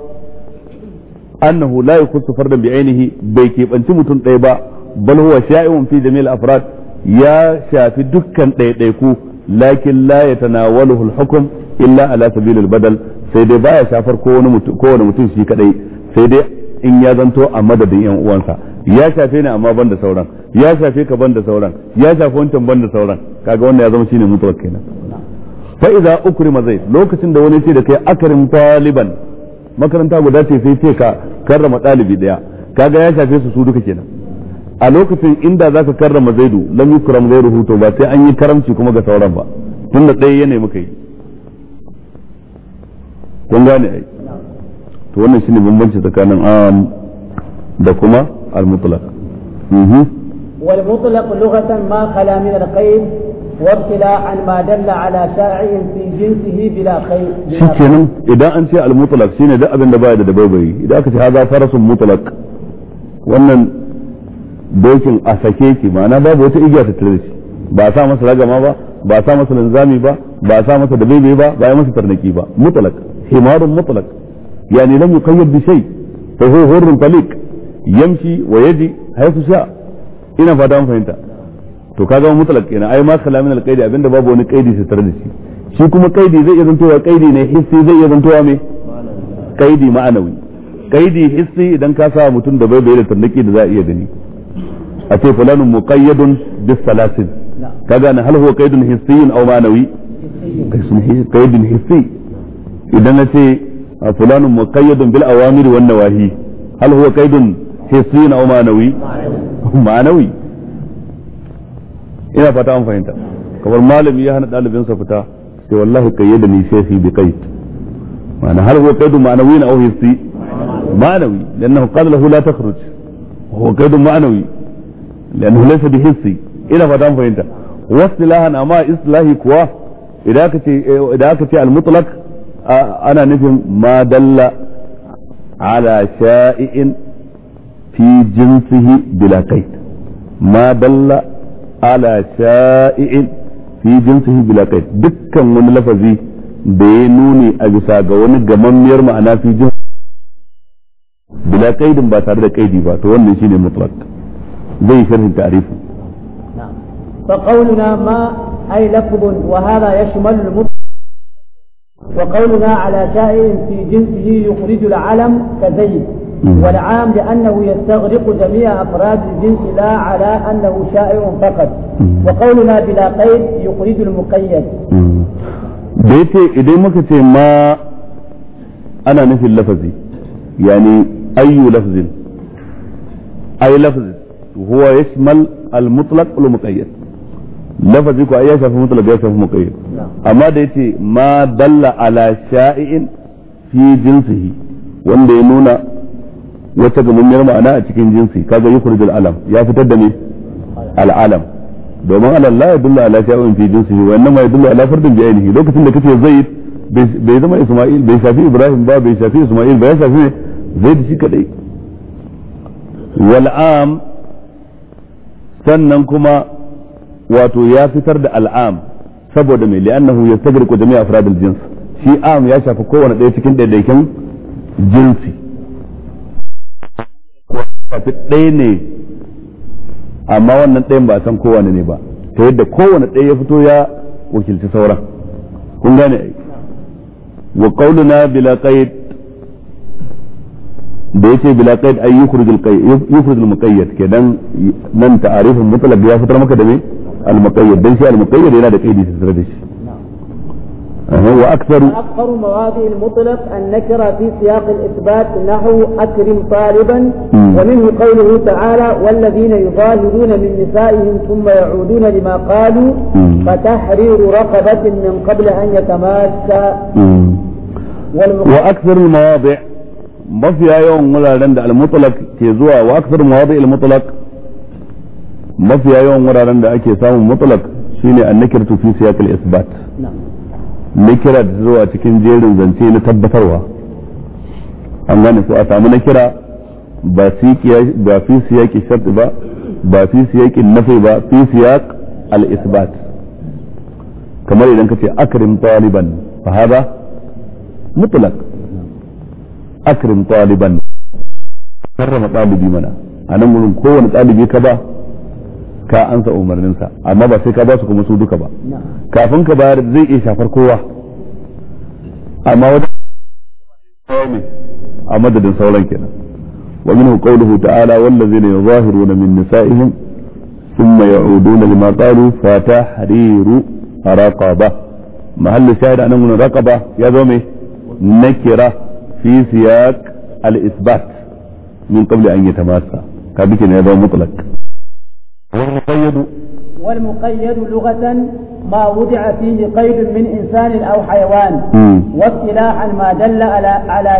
annahu la yakhussu fardan bi ainihi bai kebanci mutum ɗaya ba bal huwa sha'i'un fi jami'il afrad ya shafi dukkan ɗaiɗaiku lakin la yatanawaluhu al-hukm illa ala sabilil badal sai dai baya shafar kowane mutum kowane mutum shi kadai sai dai in ya zanto a madadin yan uwansa ya shafe ni amma banda sauran ya shafe ka banda sauran ya shafe wancan banda sauran kaga wannan ya zama shine mutuwa kenan fa idza ukrima zaid lokacin da wani ce da kai akarin taliban makaranta guda ce sai ce ka karrama dalibi daya kaga ya shafe su su duka kenan a lokacin inda zaka karrama zaidu lam yukram zairuhu to ba sai an yi karamci kuma ga sauran ba tunda ɗaya ya nemi kai kun gane ai to wannan shine bambanci tsakanin am da kuma al-mutlaq والمطلق لغة ما خلا من القيد وابتلاء ما دل على شرعه في جنسه بلا قيد شكرا إذا أنت المطلق سين إذا أبن دباية دبابي إذا كنت هذا فرس مطلق وأن dokin a sake ki ma'ana babu wata igiya ta tare shi ba a sa masa ragama ba ba sa masa linzami ba ba sa masa dabebe ba ba a masa tarnaki ba mutalak حمار مطلق يعني لم يقيد بشيء فهو حر طليق يمشي ويجي حيث شاء ina fata an fahimta to ka zama mutlaq kenan ai ma kala min alqaidi abinda babu wani kaidi sai tare da shi shi kuma kaidi zai iya zantowa kaidi ne hissi zai iya zantowa me kaidi ma'anawi kaidi hissi idan ka sa mutum da bai bai da tarnaki da za a iya gani a ce fulanun muqayyadun bis salasin kaga na hal huwa qaidun hissiyyun aw ma'anawi qaidun hissi idan na ce fulanin mu kayyadun bil awamiri wannan wahi hal huwa kaidun hissi na ma'anawi ma'anawi ina fata an fahimta kamar malami ya hana sa fita sai wallahi kayyada ni shefi bi qaid ma'ana hal huwa kaidun ma'anawi na aw hissi ma'anawi lannahu qala lahu la takhruj huwa qaidun ma'anawi lannahu laisa bi hissi ina fata an fahimta wasilahan lahan amma islahi kuwa idan aka ce al-mutlaq أنا نفهم ما دل على شائئ في جنسه بلا قيد ما دل على شائئ في جنسه بلا قيد دكا من لفظي بينوني أجسا قوان قمم يرمى أنا في جنسه بلا قيد با تارد قيد با تون نشين مطلق زي شرح تعريفه نعم. فقولنا ما أي لفظ وهذا يشمل المطلق وقولنا على شائع في جنسه يخرج العلم كزيد والعام لأنه يستغرق جميع أفراد الجنس لا على أنه شائع فقط وقولنا بلا قيد يخرج المقيد بيتي إذا مكتي ما أنا نفي اللفظ يعني أي لفظ أي لفظ وهو يشمل المطلق والمقيد lafazi ko ya shafi mutlaq ya shafi muqayyad amma da yace ma dalla ala sha'in fi jinsihi wanda ya nuna wata gamammiyar ma'ana a cikin jinsi kaga yukhrij alam ya fitar da ne al'alam domin alal la yadullu ala sha'in fi jinsihi wa innama yadullu ala fardin bi ainihi lokacin da kace zaid bai zama isma'il bai shafi ibrahim ba bai shafi isma'il bai shafi zaid shi kadai wal'am sannan kuma wato ya fitar da al'am saboda mai li'annahu ko jami'a afradul jins shi am ya shafi kowane ɗaya cikin ɗaiɗaikin jinsi shafi ɗaya ne amma wannan dayan ba a san kowane ne ba ta yadda kowane ɗaya ya fito ya wakilci sauran kun gane ai wa qauluna bila qaid da yace bila qaid ay qaid yukhrij muqayyad kedan nan ta'arifun mutlaq ya fitar maka da me المقيد دان شي المقيد الى da نعم. kaidi tattare هو أكثر أكثر مواضع المطلق النكرة في سياق الإثبات نحو أكرم طالبا ومنه قوله تعالى والذين يظاهرون من نسائهم ثم يعودون لما قالوا فتحرير رقبة من قبل أن يتماسا وأكثر المواضع mafiya yawan يوم المطلق almutlaq ke واكثر wa المطلق mafiya yawan wuraren da ake samun mutlak shine tu fi siyaqil isbat nikira zuwa cikin jerin zance na tabbatarwa an gane ko a samu nakira ba ba fi siyaqi shart ba ba fi siyaqi nafi ba fi siyaq al isbat kamar idan kace akrim taliban fa hada mutlak akrim taliban karrama talibi mana a nan gurin kowane talibi ka ba ka ansa umarninsa amma ba sai ka ba su kuma su duka ba kafin ka bayar zai iya shafar kowa amma wata kawai a madadin sauran kenan wa minhu qawluhu ta'ala wallazina yuzahiruna min nisa'ihim thumma ya'uduna lima qalu fa tahriru raqaba mahallu shahid anan mun raqaba ya zo me nakira fi siyaq al-isbat min qabli an yatamassa ka bike ne ya zo mutlaq والمقيد والمقيد لغة ما وضع فيه قيد من إنسان أو حيوان واصطلاحا ما دل على على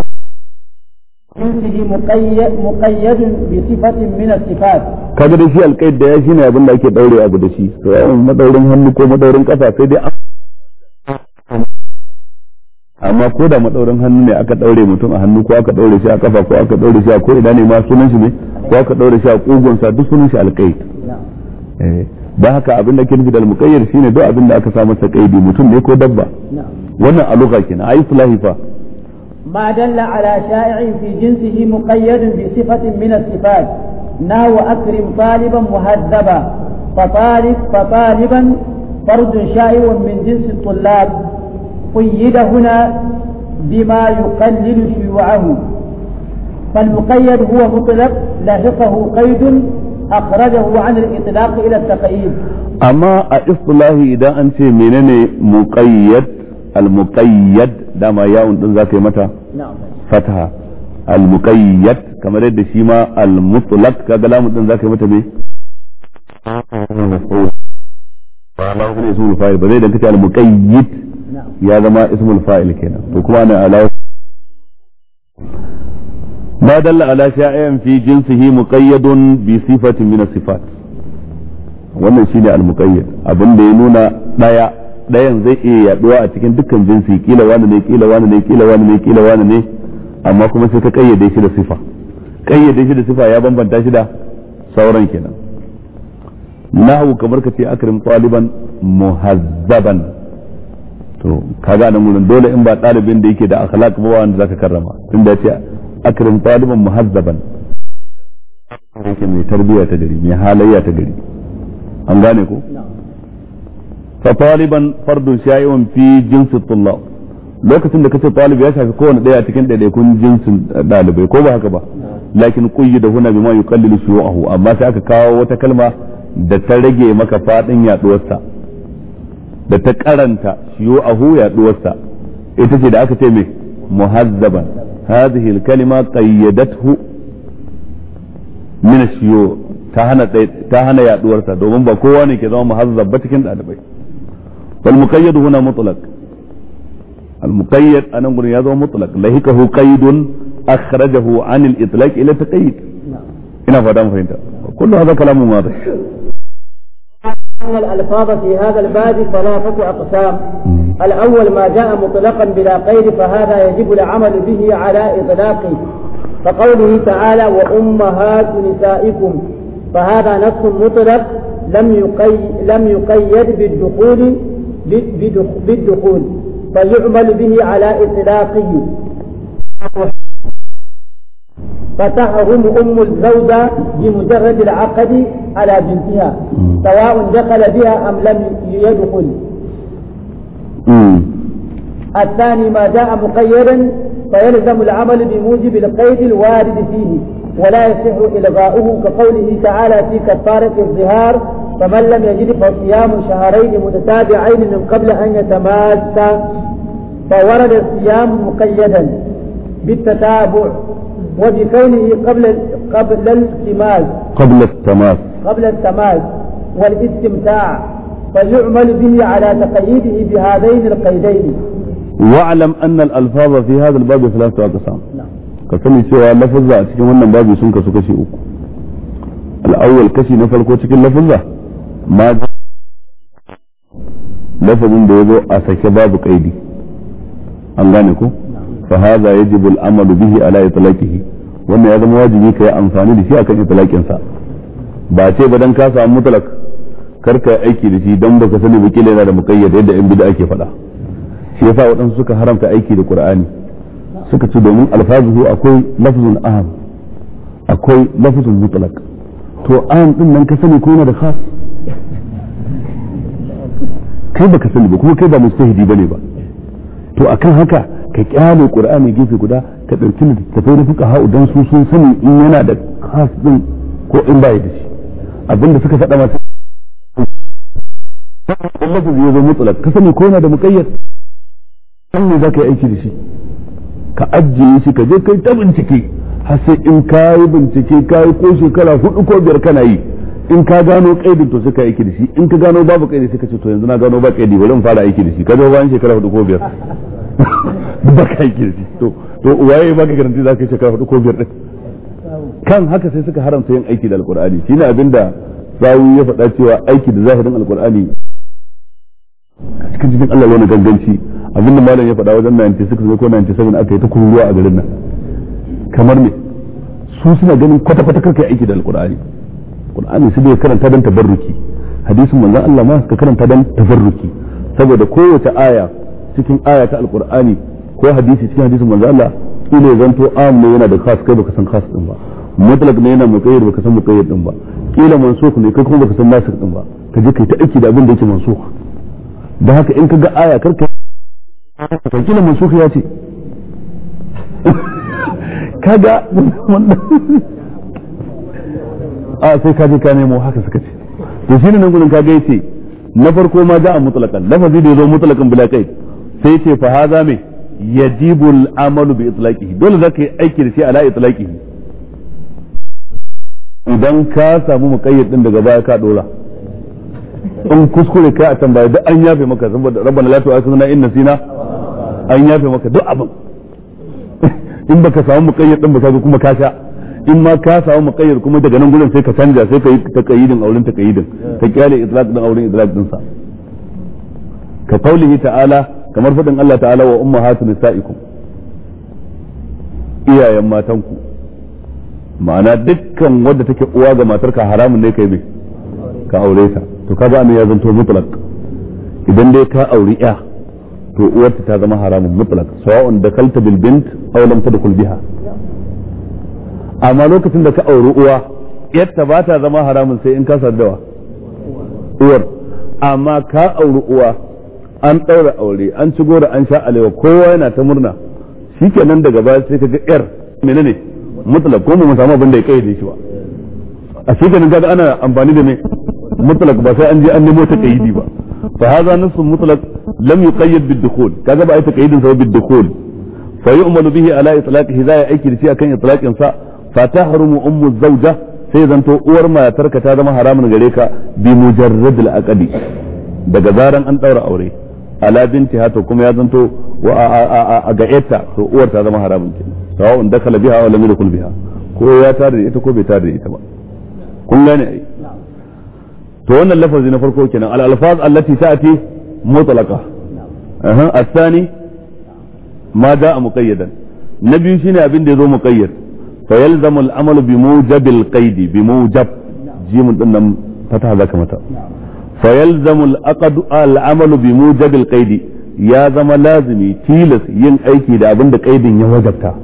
جنسه مقيد مقيد بصفة من الصفات kaga da shi alƙaid da ya shi ne abin da ake daure abu da shi to ya madaurin amma ko da madaurin hannu ne aka ɗaure mutum a hannu ko aka ɗaure shi a kafa ko aka ɗaure shi a ko ina ne ma sunan shi ne ko aka ɗaure shi a sa duk sunan shi alƙai ba eh, haka abin da ke nufi da almuƙayyar shine duk abin da aka sa kaidi mutum ne ko dabba wannan a lugha kenan ayi sulahi fa ما دل على شائع في جنسه مقيد بصفة من الصفات ناو أكرم طالبا مهذبا فطالب فطالبا فرد شائع من جنس الطلاب قيد هنا بما يقلل شيوعه فالمقيد هو مطلق لاحقه قيد أخرجه عن الإطلاق إلى التقييد أما إصطلاحي إذا في منني مقيد المقيد دام يا ان ذاك متى نعم فتحة المقيد كما رد شيما المطلق كذا لام دين ذاك متى بي مفعول فعلا هو يزول فاعل بزيد أنت المقيد ya zama ismul fa'il kenan to kuma ana ma dalla ala على fi jinsihi muqayyadun bi بصفة min sifat wannan shi ne muqayyad abin da ya nuna daya dayan zai iya yaduwa a cikin dukkan jinsi kila wani ne kila wani ne kila wani ne kila wani ne amma kuma sai ka kayyade shi da sifa kayyade shi da sifa ya bambanta shi da sauran kenan nahu kamar ka ce akrim taliban muhazzaban to ka ga nan gurin dole in ba ɗalibin da yake da akhlaq ba wanda zaka karrama da yace akrim taliban muhazzaban yake mai tarbiyya ta gari mai halayya ta gari an gane ko fa taliban fardu shay'un fi jinsi tullab lokacin da kace talib ya shafi kowane daya cikin daidaikun jinsin dalibai ko ba haka ba lakin kuyi da huna bima yuqallilu shuyu'ahu amma sai aka kawo wata kalma da ta rage maka fadin yaduwarsa da ta karanta shiyo huya duwarsa ita ce da aka ce mai muhazzaban hadhihi al-kalima qayyadathu min shiyo ta hana ta hana yaduwarsa domin ba kowa ne ke zama muhazzab ba cikin dalibai wal muqayyad huna mutlaq al muqayyad anan gurin ya zama mutlaq lahikahu qaydun akhrajahu an al-itlaq ila taqayyid ina fada mu fahimta kullu hadha kalamun wadih أن الألفاظ في هذا الباب ثلاثة أقسام الأول ما جاء مطلقا بلا قيد فهذا يجب العمل به على إطلاقه كقوله تعالى وأمهات نسائكم فهذا نص مطلق لم يقي لم يقيد بالدخول بالدخول فيعمل به على إطلاقه فتحرم أم الزوجة بمجرد العقد على بنتها سواء دخل بها أم لم يدخل الثاني ما جاء مقيدا فيلزم العمل بموجب القيد الوارد فيه ولا يصح إلغاؤه كقوله تعالى في كفارة الظهار فمن لم يجد فصيام شهرين متتابعين من قبل أن يتماسا فورد الصيام مقيدا بالتتابع وبكونه قبل قبل التماس قبل التماس قبل التماس والاستمتاع فيعمل به على تقييده بهذين القيدين واعلم ان الالفاظ في هذا الباب ثلاثه اقسام نعم كسني cewa lafazza a cikin wannan babu sun kasu kashi uku al-awwal kashi na farko cikin lafazza ma lafazin da yazo a sake babu kaidi an gane ko fa hadha yajibu al-amalu bihi ala itlaqihi wannan ya zama wajibi kai amfani da shi akan itlaqin sa ba ce ba dan ka samu mutlaq karka aiki da shi dan baka sani ba kila yana da muqayyad yadda in bid'a ake faɗa shi yasa waɗansu suka haramta aiki da qur'ani suka ce domin alfazuhu akwai lafzun aham akwai lafzun mutlaq to aham din nan ka sani ko da kai sani ba kai ba mustahidi ba to akan haka ka kyale qur'ani gefe guda ka dauki littattafai na fuka ha'u dan su sun sani in yana da khas din ko in bai da shi abinda suka faɗa masa Allah ku zo mutlak ka sani ko yana da muqayyad san ne zaka yi aiki da shi ka ajiye shi ka je kai ta bincike har sai in kayi bincike kayi ko shekara hudu ko biyar kana yi in ka gano kaidin to suka yi aiki da shi in ka gano babu kaidi suka ce to yanzu na gano ba kaidi bari in fara aiki da shi ka zo bayan shekara hudu ko biyar ba ka yi girbi to to waye ba ka garanti za ka yi shekara hudu ko biyar din kan haka sai suka haramta yin aiki da alkur'ani shine abinda sawu ya faɗa cewa aiki da zahirin alkur'ani cikin jikin Allah wani ganganci abinda malam ya faɗa wajen 96 ko 97 aka yi ta kururuwa a garin nan kamar me su suna ganin kwata-kwata karka aiki da alkur'ani qur'ani su bai karanta don tabarruki hadisin manzan Allah ma ka karanta don tabarruki saboda kowace aya cikin aya ta alqur'ani ko hadisi cikin hadisin manzo Allah ile zanto am ne yana da khas kai baka san khas din ba mutlak ne yana muqayyad baka san muqayyad din ba kila mansukh ne kai kuma baka san nasikh din ba ka je kai ta aiki da abin da yake mansukh da haka in kaga aya karka ka kila mansukh ya ce [LAUGHS] kaga a sai ka je ka nemo haka suka ce to shine nan gurin kaga yace na farko ma da mutlakan lafazi da yazo mutlakan bila kai sai ce fa haza me yajibul amalu bi itlaqihi dole zaka yi aiki da shi ala itlaqihi idan ka samu muqayyad din daga baya ka dora in kuskure kai a tambaya duk an yafe maka saboda rabbana la tu'akhidhna inna Sina an yafe maka duk abin in baka samu muqayyad din ba ka kuma ka sha in ma ka samu muqayyad kuma daga nan gurin sai ka canja sai ka yi taqayyidin auren taqayyidin ka kyale itlaq din auren itlaq din sa ka qaulihi ta'ala kamar faɗin Allah ta'ala wa ummahatu nisaikum iyayen matanku ma'ana dukkan wadda take uwa ga matarka haramun ne kai mai ka aure ta to kaga an ya zanto mutlaq idan dai ka auri ya to uwarta ta zama haramun mutlaq sawa'un dakalta bil bint aw lam tadkhul biha amma lokacin da ka auri uwa yadda ba ta zama haramun sai in ka sardawa uwar amma ka auri uwa an ɗaura aure an ci goro an sha alewa kowa yana ta murna shi nan daga baya sai kaga yar ne mutlak ko mu samu abin da ya kayyade shi ba a shikenan kaga ana amfani da me mutlak ba sai an je an nemo ta kayyidi ba fa hadha nasu mutlak lam yuqayyad bid dukhul kaga ba ai ta kayyidin sa bid dukhul fa yu'malu bihi ala itlaqihi za ya aiki da shi akan itlaqin sa fa tahrumu ummu zawja sai zanto uwar matarka ta zama haramun gare ka bi mujarrad al aqdi daga zaran an daura aure ala bintiha to kuma ya zanto a ga yarta to uwar ta zama haramun kenan sawa'un biha ko ya tare da ita ko bai tare da ita ba kun gane ai to wannan lafazi na farko kenan al alfaz allati ta'ati mutlaqa aha athani ma da'a muqayyadan na biyu shine abin da yazo muqayyad fa yalzamu al amalu bi mujabil qaidi bi mujab jimun din nan zaka mata fa yalzamu al-aqd al bi mujab al-qaidi ya zama lazimi tilas yin aiki da abin da qaidin ya wajabta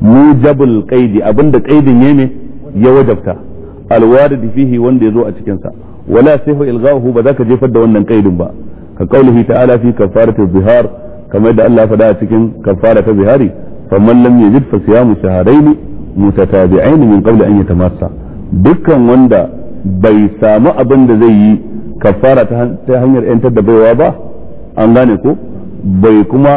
mujabul qaidi abin da qaidin ya ne ya wajabta alwari warid fihi wanda zo a cikinsa sa wala sahu ilghahu ba ka jefar da wannan qaidin ba ka kaulihi ta'ala fi kafaratu zihar kamar da Allah faɗa a cikin kafara ta zihari faman lam yajid fa siyamu shahrayn mutatabi'ain min qabl an yatamassa dukkan wanda bai samu abin da zai yi kafara ta hanyar yantar da baiwa ba an gane ko bai kuma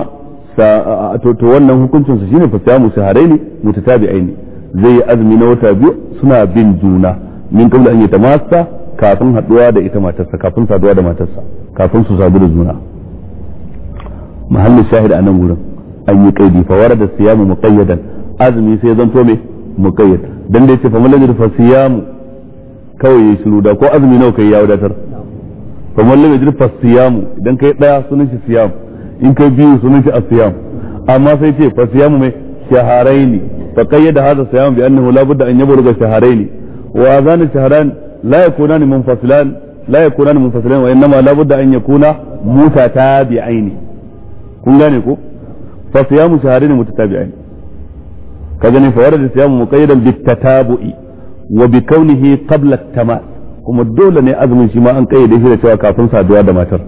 to to wannan hukuncin su shine mutu shaharaini mutatabi'aini zai yi azumi na wata biyu suna bin juna min kabla an yi yatamassa kafin haduwa da ita matarsa kafin saduwa da matarsa kafin su sadu da juna mahallin shahid a nan wurin an yi kaidi fa warada siyamu muqayyadan azumi sai zanto me muqayyad dan da ce fa man fa yarfa siyamu kawai ya shiru da ko azumi nawa kai ya wadatar kamar lam yajid fa siyamu idan kai daya sunan shi siyam in kai biyu sunan shi asiyam amma sai ce fa siyamu mai shaharaini fa qayyada hadha siyam bi annahu la budda an yabluga shaharaini wa adhan shahran la yakunani munfasilan la yakunani munfasilan wa innama la budda an yakuna mutatabi'aini kun gane ko fa siyamu shahrayn mutatabi'ain kaga ne fa warada siyamu muqayyadan bit tatabu'i wa bi kaunihi qabla at-tamas kuma dole ne azumin shi ma an kayyade shi da cewa kafin saduwa da matar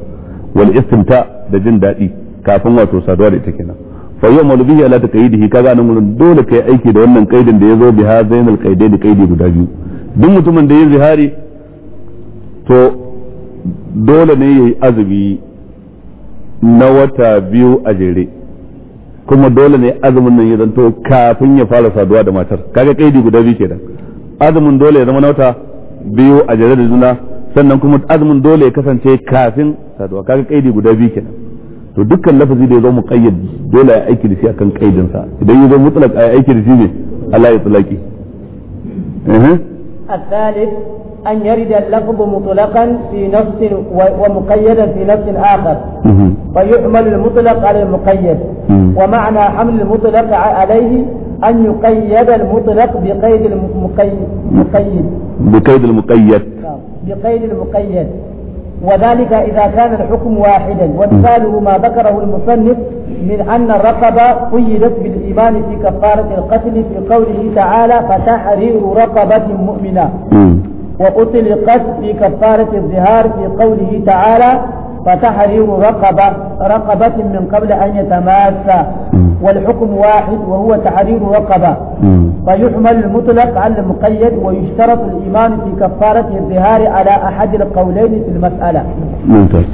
wal istimta da jin daɗi kafin wato saduwa da ita kenan fa yau malubi ya la ka ga nan dole kai aiki da wannan kaidin da ya bi biha zainal da kaidi guda biyu duk mutumin da ya zihari to dole ne yayi azumi na wata biyu a jere kuma dole ne azumin nan ya zanto kafin ya fara saduwa da matar kaga kaidi guda biyu kenan azumin dole ya zama na wata biyu a jere da juna sannan kuma azumin dole ya kasance kafin saduwa kaga kaidi guda biyu kenan to dukkan lafazi da yazo muqayyad dole ya aiki da shi akan kaidin sa idan yazo mutlaq ya aiki da shi ne Allah ya tulaki eh الثالث أن يرد اللفظ مطلقا في نفس ومقيدا في نفس آخر فيحمل المطلق على المقيد ومعنى حمل المطلق عليه أن يقيد المطلق بقيد المقيد بقيد المقيد نعم بقيد المقيد وذلك إذا كان الحكم واحدا ومثاله ما ذكره المصنف من أن الرقبة قيدت بالإيمان في كفارة القتل في قوله تعالى فتحرير رقبة مؤمنة وأطلقت في كفارة الظهار في قوله تعالى فتحرير رقبة رقبة من قبل أن يتماسى والحكم واحد وهو تحرير رقبة فيحمل المطلق على المقيد ويشترط الإيمان في كفارة الظهار على أحد القولين في المسألة ممتاز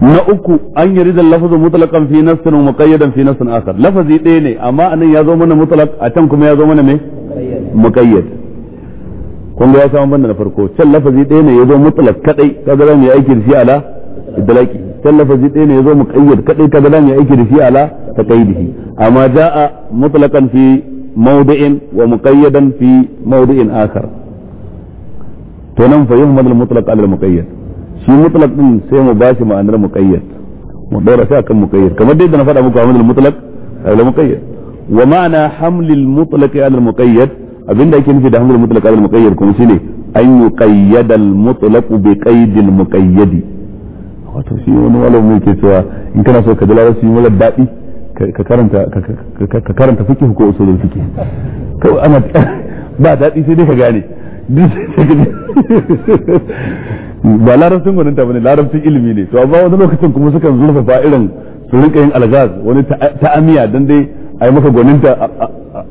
نأكو أن يريد اللفظ مطلقا في نفس ومقيدا في نفس آخر لفظ ديني أما أن يزومنا مطلق أتنكم يزومنا مي مقيد, مقيد. kun da ya samu banda na farko can lafazi ɗaya ne ya zo mutlak kaɗai kaga za mu yi aiki da shi ala idlaki can lafazi ɗaya ne ya zo muqayyad kaɗai kaga za mu yi aiki da shi ala taqayyidihi amma jaa mutlaqan fi mawdi'in wa muqayyadan fi mawdi'in akhar to nan fa yuhmad al mutlaq ala al muqayyad shi mutlaq din sai mu bashi ma'anar muqayyad mu dora shi akan muqayyad kamar dai da na faɗa muku hamdul mutlaq ala muqayyad wa ma'ana hamlil mutlaq ala al muqayyad abinda ake nufi da hamzul mutlaq al muqayyad kuma shine an yuqayyada al mutlaq bi qayd al muqayyad wato shi wani malamin yake cewa in kana so ka ji larabci mara daɗi ka karanta ka karanta fiqh ko usulul fiqh ko ana [LAUGHS] ba daɗi sai dai ka gane ba larabcin gwaninta bane larabcin ilimi ne to amma wani lokacin kuma sukan zurfafa irin su rinka yin algaz wani ta'amiya don dai a yi maka gwaninta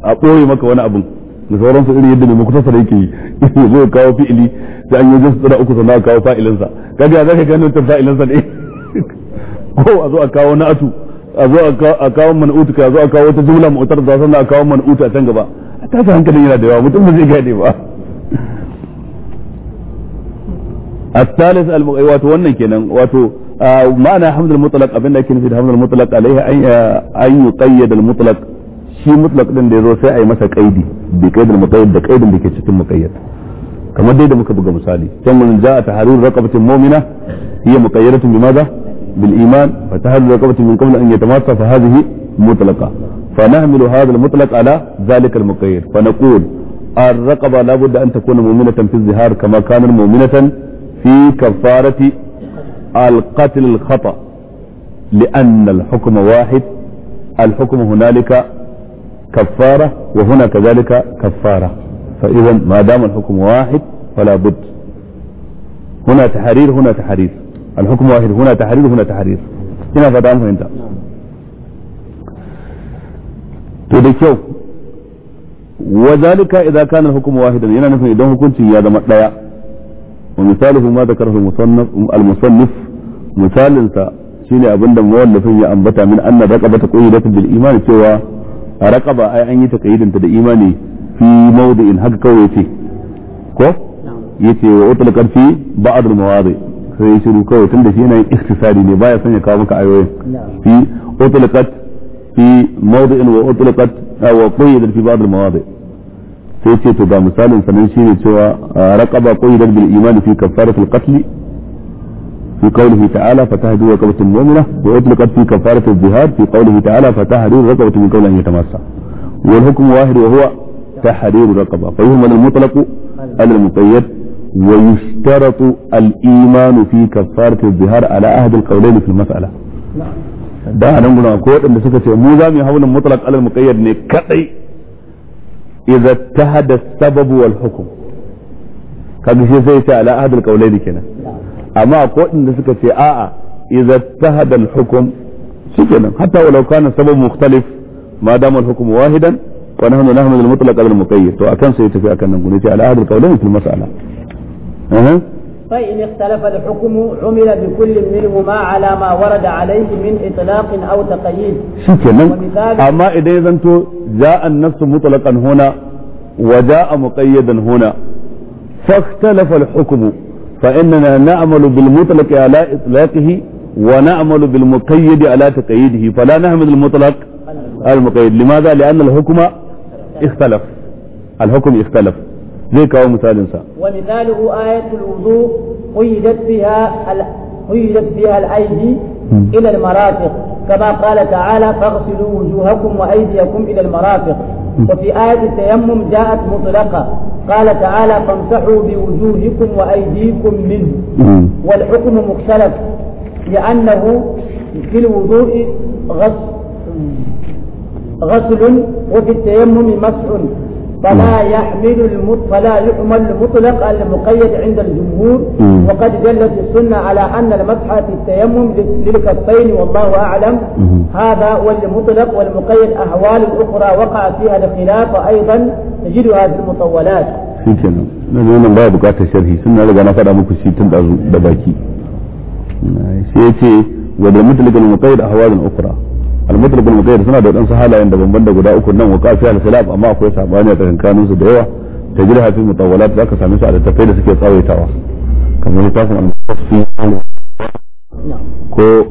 a ɓoye maka wani abin da sauransu irin yadda mai muktasar yake yi ya [LAUGHS] kawo fi'ili sai an yi su tsira uku sannan kawo fa'ilinsa kaga ya zaka gano ta fa'ilinsa ne [LAUGHS] ko a zo a kawo na'atu a zo a kawo man'utu ka zo a kawo wata jumla mu'tar da sannan a kawo man'utu a can gaba a tasa hankalin yana da yawa mutum ba zai gane ba الثالث [LAUGHS] wato wannan kenan wato ah, ma'ana hamdul mutlaq abinda yake nufi da hamdul mutlaq alaiha ah, an yuqayyad al mutlaq shi mutlaq din da yazo sai a yi masa qaidi bi qaidil muqayyad da qaidin da ke cikin muqayyad kamar dai da muka buga misali can mun ja'a taharur raqabatin mu'mina hiya muqayyadatun bi madha bil iman fa taharur raqabatin min qabl an yatamassa fa hadhihi mutlaqa fa hadha al al mutlaq ala dhalika فنحمل هذا المطلق على ذلك المقيد فنقول الرقبة لابد أن تكون مؤمنة في الزهار كما كانت مؤمنة في كفارة القتل الخطأ لأن الحكم واحد الحكم هنالك كفارة وهنا كذلك كفارة فإذا ما دام الحكم واحد فلا بد هنا تحرير هنا تحرير الحكم واحد هنا تحرير هنا تحرير هنا فدامه انت تدكيو وذلك إذا كان الحكم واحدا هنا نفهم إذا كنت يا دم ومثاله ما ذكره المصنف المصنف مثال أنت شيني أبن دم مولفين يا أنبتا من أن الرقبة قيدت بالإيمان سوى a raqaba ai an yi taqayyudin ta da imani fi mawdi'in haka kawai yace ko yace wa utul qarfi ba'd al mawadi sai shiru kawai tunda shi yana yin ikhtisari ne baya son ya kawo maka ayoyin fi utlaqat fi mawdi'in wa utlaqat wa qayyidat fi ba'd al mawadi' sai ce to ga misalin sanan shine cewa raqaba qayyidat bil iman fi kaffaratul qatl في قوله تعالى فتهدوا رقبة مؤمنة وأطلقت في كفارة الجهاد في قوله تعالى فتهدوا رقبة من قبل أن يتمسى والحكم واحد وهو تحرير رقبة فيهمل المطلق على المقيد ويشترط الإيمان في كفارة الظهار على أحد القولين في المسألة دا أنا أقول أقول أن سكت suka ce المطلق za المقيد yi إذا اتهد السبب والحكم كان kadai على أهد القولين كنا نعم. amma ko inda suka ce a'a idza tahada al-hukm shikenan hatta walau kana sabab mukhtalif ma dama al-hukm wahidan wa nahnu nahmud al-mutlaq al muqayyid to akan sai tafi akan nan gune ce al-ahad al-qawlain fil mas'ala eh فإن اختلف الحكم عمل بكل منهما على ما ورد عليه من إطلاق أو تقييد شكرا أما إذا يزنتو جاء النفس مطلقا هنا وجاء مقيدا هنا فاختلف الحكم فإننا نعمل بالمطلق على إطلاقه ونعمل بالمقيد على تقييده فلا نحمد المطلق المقيد لماذا لأن الحكم اختلف الحكم اختلف zai مثال إنسان ومثاله آية الوضوء قيدت بها قيدت بها الأيدي إلى المرافق كما قال تعالى فاغسلوا وجوهكم وأيديكم إلى المرافق وفي آية التيمم جاءت مطلقة قال تعالى فامسحوا بوجوهكم وأيديكم منه والحكم مختلف لأنه في الوضوء غسل غسل وفي التيمم مسح فلا نعم. يحمل المطلق يحمل المطلق المقيد عند الجمهور وقد دلت السنة على أن المسح في التيمم للكفين والله أعلم هذا والمطلق والمقيد أهوال أخرى وقع فيها الخلاف أيضا تجدها في المطولات shi kenan na ne nan baya bukatar sharhi sun na riga na faɗa muku shi tun da baki sai ya ce wa da mutlaqal muqayyid ahwalun ukra al-mudrib al-mughayr suna da wadansu halayen da banban da guda uku nan waqa fi al-khilaf amma akwai sabani a tsakanin su da yawa ta tajriha fi mutawalat zaka same su a littattafai da suke tsawaitawa kamar littafin al-mutasfi ko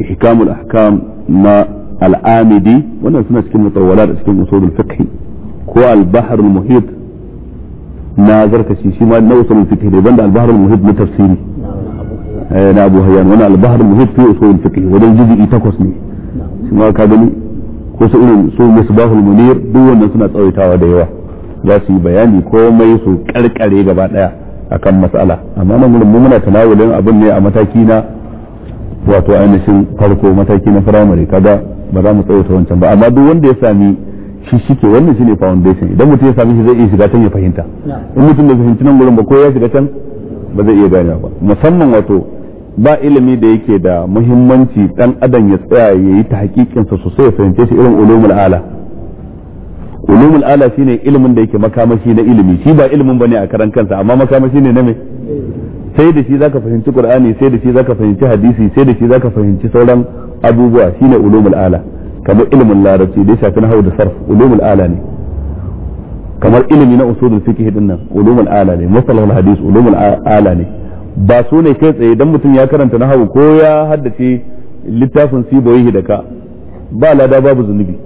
ihkamul ahkam na al-amidi wannan suna cikin mutawalat cikin usulul fiqh ko al-bahr al-muhit na zarkashi shi ma na usulul fiqh ne banda al-bahr al-muhit na tafsiri eh, na abu hayyan wannan al-bahr al-muhit fi usulul fiqh wajen jizi'i takwas ne shi ma ka gani ko su irin su misbahul munir duk wannan suna tsawaitawa da yawa za su yi bayani komai su karkare gaba daya akan masala. amma nan gurin mu muna tanawulin abin ne a mataki na wato ainihin farko mataki na firamare kaga ba za mu tsawaita wancan ba amma duk wanda ya sami shi shike wannan shine foundation idan mutum ya sami shi zai iya shiga can ya fahimta in mutum bai fahimci nan gurin ba ko ya shiga can ba zai iya gane ba musamman wato ba ilimi da yake da muhimmanci dan adam ya tsaya ya yi ta hakikinsa sosai ya fahimce shi irin ulumul ala ulumul ala shine ilimin da yake makamashi na ilimi shi ba ilimin bane a karan kansa amma makamashi ne na me sai da shi zaka fahimci qur'ani sai da shi zaka fahimci hadisi sai da shi zaka fahimci sauran abubuwa shine ulumul ala kamar ilimin larabci da shafin shafi da sarf ulumul ala ne kamar ilimi na usulul fiqh din nan ulumul ala ne masalahul hadis ulumul ala ne ba su ne kai tsaye don mutum ya karanta na nahawu ko ya haddace littafin siboyi da ka ba lada babu zunubi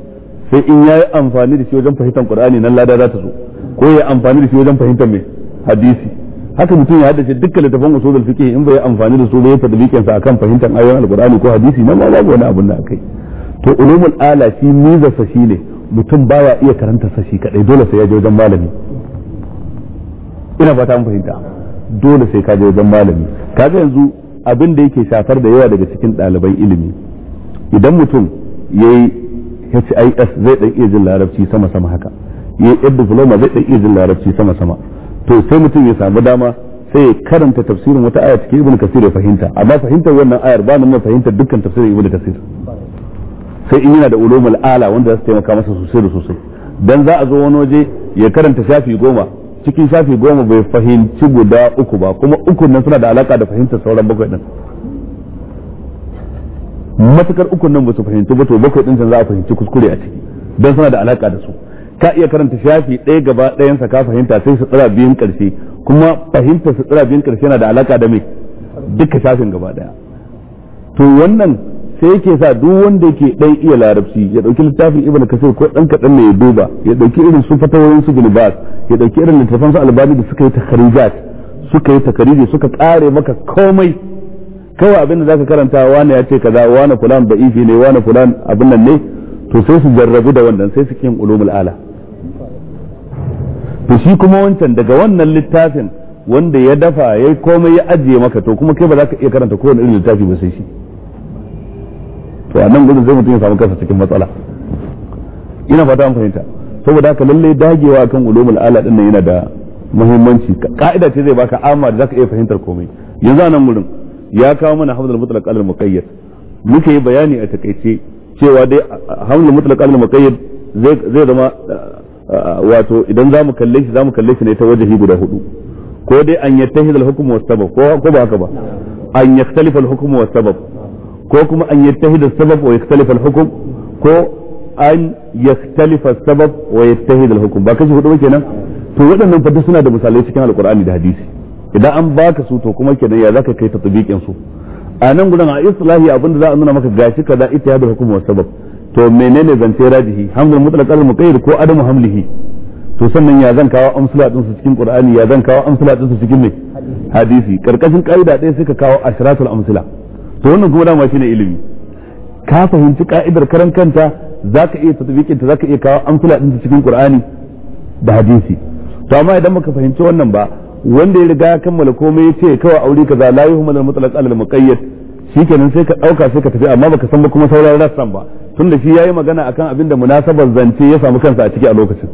sai in ya yi amfani da shi wajen fahimtar qur'ani nan lada za ta zo ko ya amfani da shi wajen fahimtar mai hadisi haka mutum ya haddace dukkan littafin usulul fiqh in bai amfani da su bai ya tadbikin sa akan fahimtar ayoyin alqur'ani ko hadisi nan lada ga wani abun da akai to ulumul ala shi miza sa ne mutum baya iya karanta sa shi kadai dole sai ya je wajen malami ina fata mun fahimta dole sai ka je wajen malami kaga yanzu abin da yake shafar da yawa daga cikin ɗaliban ilimi idan mutum ya yi HIS zai ɗan iya jin larabci sama-sama haka ya yi diploma zai ɗan iya jin larabci sama-sama to sai mutum ya samu dama sai ya karanta tafsirin wata aya cikin ibn kasir ya fahimta amma fahimtar wannan ayar ba nan fahimtar dukkan tafsirin ibn kasir sai in yana da ulumul ala wanda za su taimaka masa sosai da sosai dan za a zo wani waje ya karanta shafi goma cikin shafi goma bai fahimci guda uku ba kuma uku nan suna da alaka da fahimtar sauran bakwai din matukar uku nan ba su fahimci ba to bakwai din can za a fahimci kuskure a ciki don suna da alaka da su ka iya karanta shafi ɗaya gaba ɗayan sa ka fahimta sai su tsira biyun ƙarshe kuma fahimtar su tsira biyun ƙarshe na da alaka da mai duka shafin gaba ɗaya to wannan sai yake sa duk wanda yake ɗan iya larabci ya ɗauki littafin ibn kasir ko ɗan kaɗan ne ya duba ya ɗauki irin su fatawoyin su bilbas ya dauki irin littafan su albani da suka yi takharijat suka yi takariri suka kare maka komai kawai abin da zaka karanta wani ya ce kaza wani fulan ifi ne wani fulan abin nan ne to sai su jarrabu da wannan sai su kin ulumul ala to shi kuma wancan daga wannan littafin wanda ya dafa ya komai ya ajiye maka to kuma kai ba za ka iya karanta kowane irin littafi ba sai shi to a nan gudun zai mutum ya samu kansa cikin matsala ina fata an fahimta saboda haka lalle dagewa kan ulumul ala din nan yana da muhimmanci ka'ida ce zai baka amma da zaka iya fahimtar komai yanzu anan gurin ya kawo mana hamdul mutlaq al muqayyad muke yi bayani a takaice cewa dai hamdul mutlaq al muqayyad zai zai zama wato idan zamu kalle shi zamu kalle shi ne ta wajahi guda hudu ko dai an yattahid al hukm was sabab ko ko ba haka ba an yakhtalifa al hukm was sabab ko kuma an yattahid as sabab wa yakhtalifa al hukm ko an yaktalifa sabab wa yattahid al-hukm ba kashi hudu ba kenan to waɗannan fa suna da misalai cikin alqur'ani da hadisi idan an baka su to kuma kenan ya zaka kai tatbiqin su a nan gudan a islahi abinda za a nuna maka gashi kaza ittihad al-hukm wa sabab to menene zance rajihi hamdul mutlaq al-muqayyid ko adamu hamlihi to sannan ya zan kawo amsala din su cikin qur'ani ya zan kawo amsala din su cikin me hadisi karkashin kaida ɗaya sai ka kawo ashratul amsala to wannan kuma dama shine ilimi ka fahimci ka'idar karan kanta zaka iya tatbikin ta zaka iya kawo fula din cikin Qur'ani da hadisi to amma idan muka fahimci wannan ba wanda ya riga ya kammala komai ya ce kawai aure kaza la yuhmal al mutlaq al muqayyad shikenan sai ka dauka sai ka tafi amma baka san ba kuma sauran rassan ba tunda shi yayi magana akan abin da munasabar zance ya samu kansa a ciki a lokacin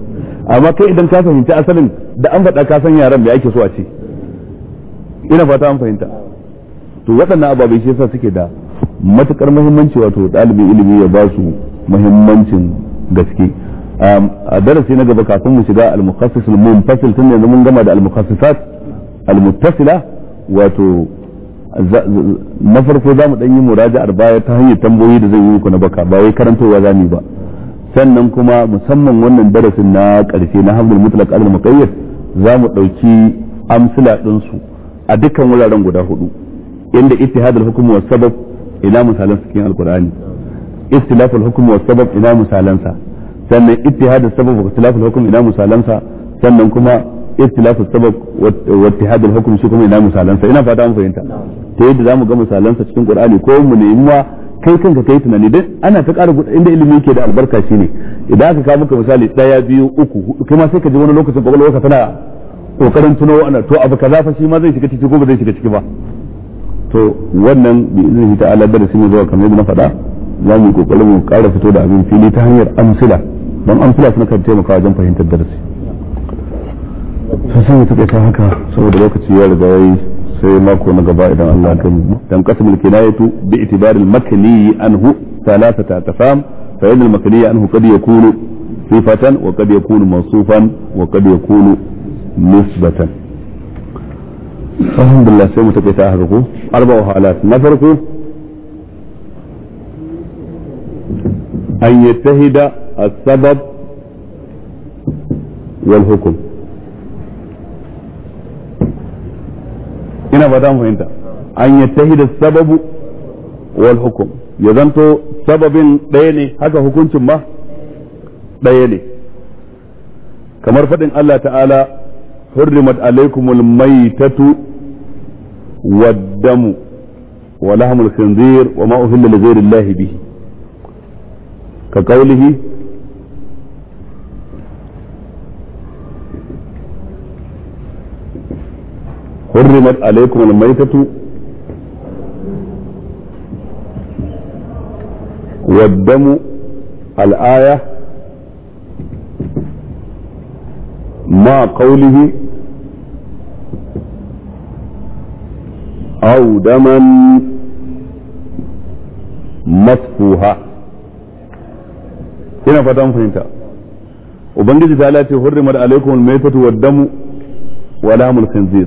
amma kai idan ka fahimci asalin da an faɗa ka san yaran me ake so a ce ina fata an fahimta to waɗannan ababai shi yasa suke da matukar muhimmanci wato ɗalibin ilimi ya basu. muhimmancin gaske a darasi na gaba kafin mu shiga al-mukhassis al-munfasil tun yanzu mun gama da al-mukhassisat al-muttasila wato na farko za mu yi muraja'ar baya ta hanyar tambayoyi da zai yi muku na baka ba wai karantowa za mu ba sannan kuma musamman wannan darasin na karshe na hamdul mutlaq al-muqayyad za mu ɗauki amsila din a dukkan wuraren guda hudu inda ittihadul hukm wa sabab ila misalan cikin alqur'ani istilaful hukm wa sabab ina misalansa sannan ittihadus sabab wa istilaful hukm ina misalansa sannan kuma istilafu sabab wa ittihadul hukm shi ina misalansa ina fata an fahimta to yadda zamu ga misalansa cikin qur'ani ko mu ne ma kai kanka kai tunani dai ana ta ƙara inda ilimi ke da albarka shine idan aka kawo maka misali daya biyu uku kai ma sai ka ji wani lokacin kwakwalwarka tana kokarin tuno ana to abu kaza fa shi ma zai shiga ciki ko ba zai shiga ciki ba to wannan bi iznihi ta'ala darasin zuwa kamar yadda na faɗa za mu kokari mu kara fito da abin fili ta hanyar amsila don amsila suna kan taimaka wajen fahimtar darasi sai mu taɓa ta haka saboda lokaci ya riga yayi sai mako na gaba idan Allah ya kai dan qasmul kinayatu bi itibari al-makni anhu thalathata tafam fa al makni anhu qad yakunu sifatan wa qad yakunu mawsufan wa qad yakunu nisbatan alhamdulillah sai mu taɓa ta haka ko arba'u halat na farko أن يتهد السبب والحكم ina ba mu fahimta an yattahida sababu wal hukum ya zanto sababin ɗaya haka hukuncin ma ɗaya ne kamar faɗin Allah ta'ala hurrimat alaikumul maitatu wad damu wa lahmul khinzir wa ma uhilla li ghayri bihi ka kaulihi حرمت عليكم الميتة والدم الآية مع قوله أو دما مسفوها ina fata mun fahimta ubangiji ta lati hurrimat alaikum almaytatu waddamu wa lamul khinzir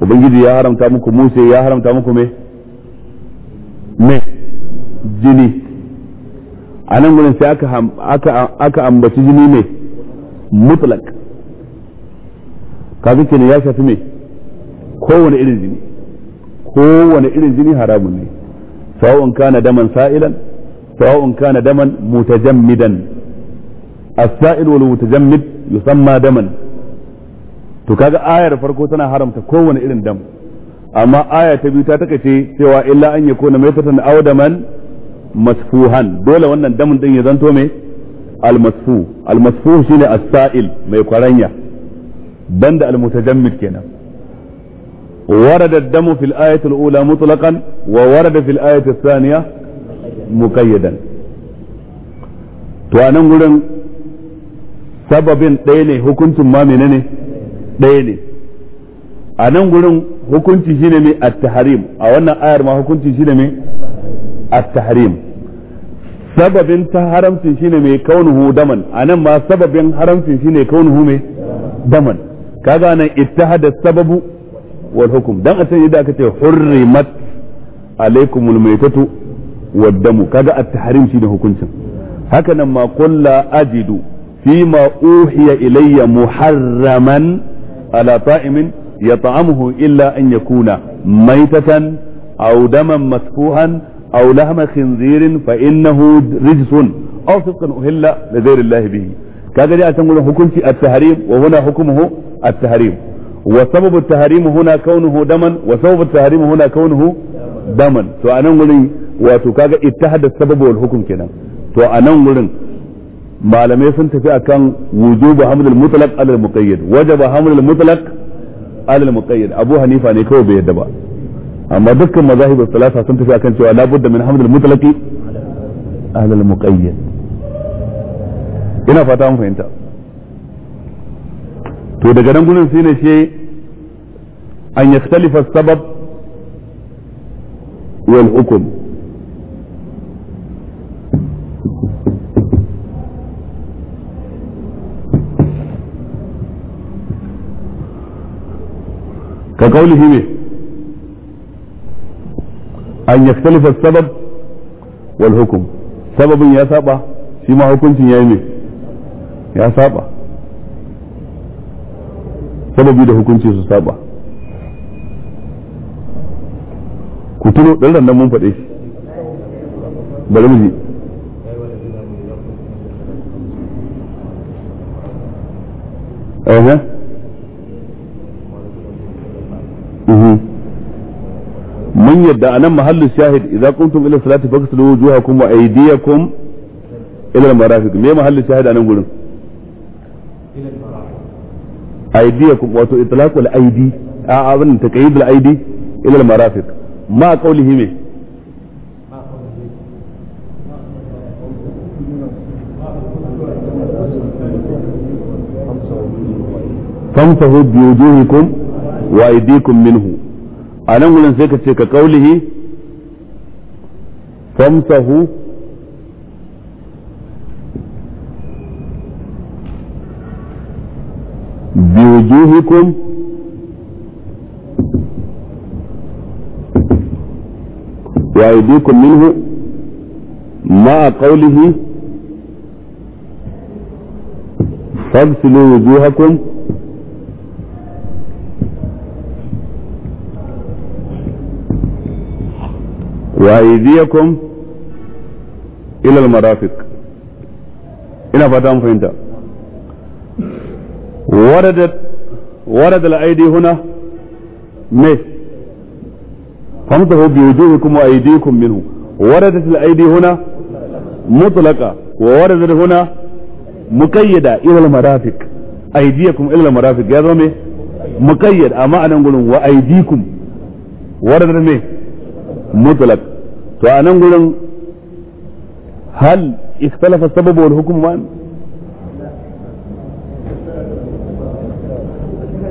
ubangiji ya haramta muku musa ya haramta muku me me jini a nan gurin sai aka aka aka ambaci jini me mutlak kaga kenan ya shafi me kowane irin jini kowane irin jini haramun ne sawon kana daman sa'ilan سواء كان دما متجمدا السائل والمتجمد يسمى دما to kaga ayar farko tana haramta kowane irin dam amma aya ta biyu ta takaice cewa illa an yakuna maitatan aw daman masfuhan dole wannan damin din ya zanto me almasfu almasfu shine as-sa'il mai kwaranya banda almutajammid kenan ورد الدم في الآية الأولى مطلقا وورد في الآية الثانية muƙayyadan to a nan gurin sababin ɗaya ne hukuncin ma menene ɗaya ne a nan gurin hukunci shine mai attaharim a wannan ayar ma hukunci shine mai attaharim tahrim sababin ta haramcin shine mai kaunuhu daman nan ma sababin haramcin shine kaunuhu mai daman kaga nan hada sababu wal hukum dan a can yadda aka ce hurrimat alaikumul maitatu والدم كذا التحريم شيء حكمتين هكذا ما قل لا أجد فيما أوحي إلي محرما على طائم يطعمه إلا أن يكون ميتة أو دما مسفوحا أو لحم خنزير فإنه رجس أو صدقا أهل لغير الله به كذا جاء تقول حكم التحريم وهنا حكمه التحريم وسبب التحريم هنا كونه دما وسبب التحريم هنا كونه دما فأنا أقول إيه؟ wato kaga ittihada sababu wal hukum kenan to a nan wurin malamai sun tafi akan wujubu hamdul mutlaq alal muqayyad wajaba hamdul mutlaq alal muqayyad abu hanifa ne kawai bai yadda ba amma dukkan mazahib salasa sun tafi akan cewa labudda min hamdul mutlaqi alal muqayyad ina fata mun fahimta to daga nan gurin sai ne ce an yaktalifa sabab wal hukum ka kaulihi ne an yaktalifa sabab wal hukum sababin ya saba shi ma hukuncin ya yi ne ya saba sababi da hukunci su saba ku tuno ɗan nan mun faɗe اها من يدعى أنا محل الشاهد إذا كنتم إلى الصلاة فاغسلوا وجوهكم وأيديكم إلى المرافق ما محل الشاهد أنا أقول إلى المرافق أيديكم وإطلاق الأيدي أعظم تقييد الأيدي إلى المرافق ما قوله مين famsahu bi wujuhikum wa aydikum minhu anan gurin sai ka ce ka kaulihi famsahu bi wujuhikum wa aydikum minhu ma qawlihi فاغسلوا وجوهكم وأيديكم إلى المرافق إلى فتام فهمت وردت ورد الأيدي هنا مي فامسحوا بوجوهكم وأيديكم منه وردت الأيدي هنا مطلقة ووردت هنا مقيدة إلى المرافق أيديكم إلى المرافق يا مقيد أما أنا نقول وأيديكم وردت مي mutlaq to a nan gurin hal ikhtalafa sababu wal hukm ma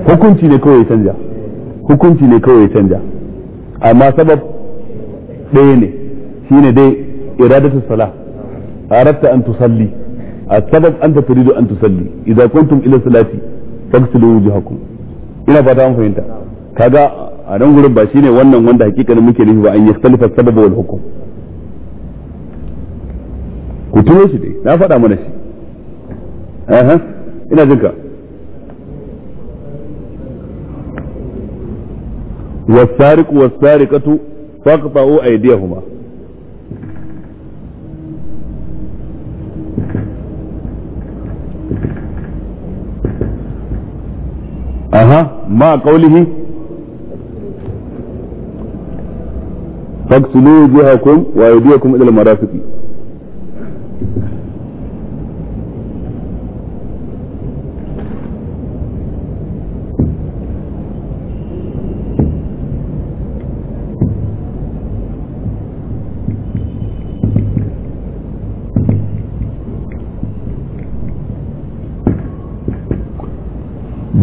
hukunci ne kawai canja hukunci ne kawai canja amma sabab ɗaya ne shine dai iradatu sala aradta an tusalli السبب أنت تريد أن تصلي إذا كنتم إلى فاغسلوا وجوهكم ina fata an fahimta kaga a nan gurin ba shine wannan wanda hakikanin muke nufi ba an yastalifa sababu wal hukum ku tuno shi dai na faɗa mana shi aha ina jin ka والسارق والسارقة فاقطعوا أيديهما أها مع قوله فاغسلوا وجوهكم وايديكم الى المرافق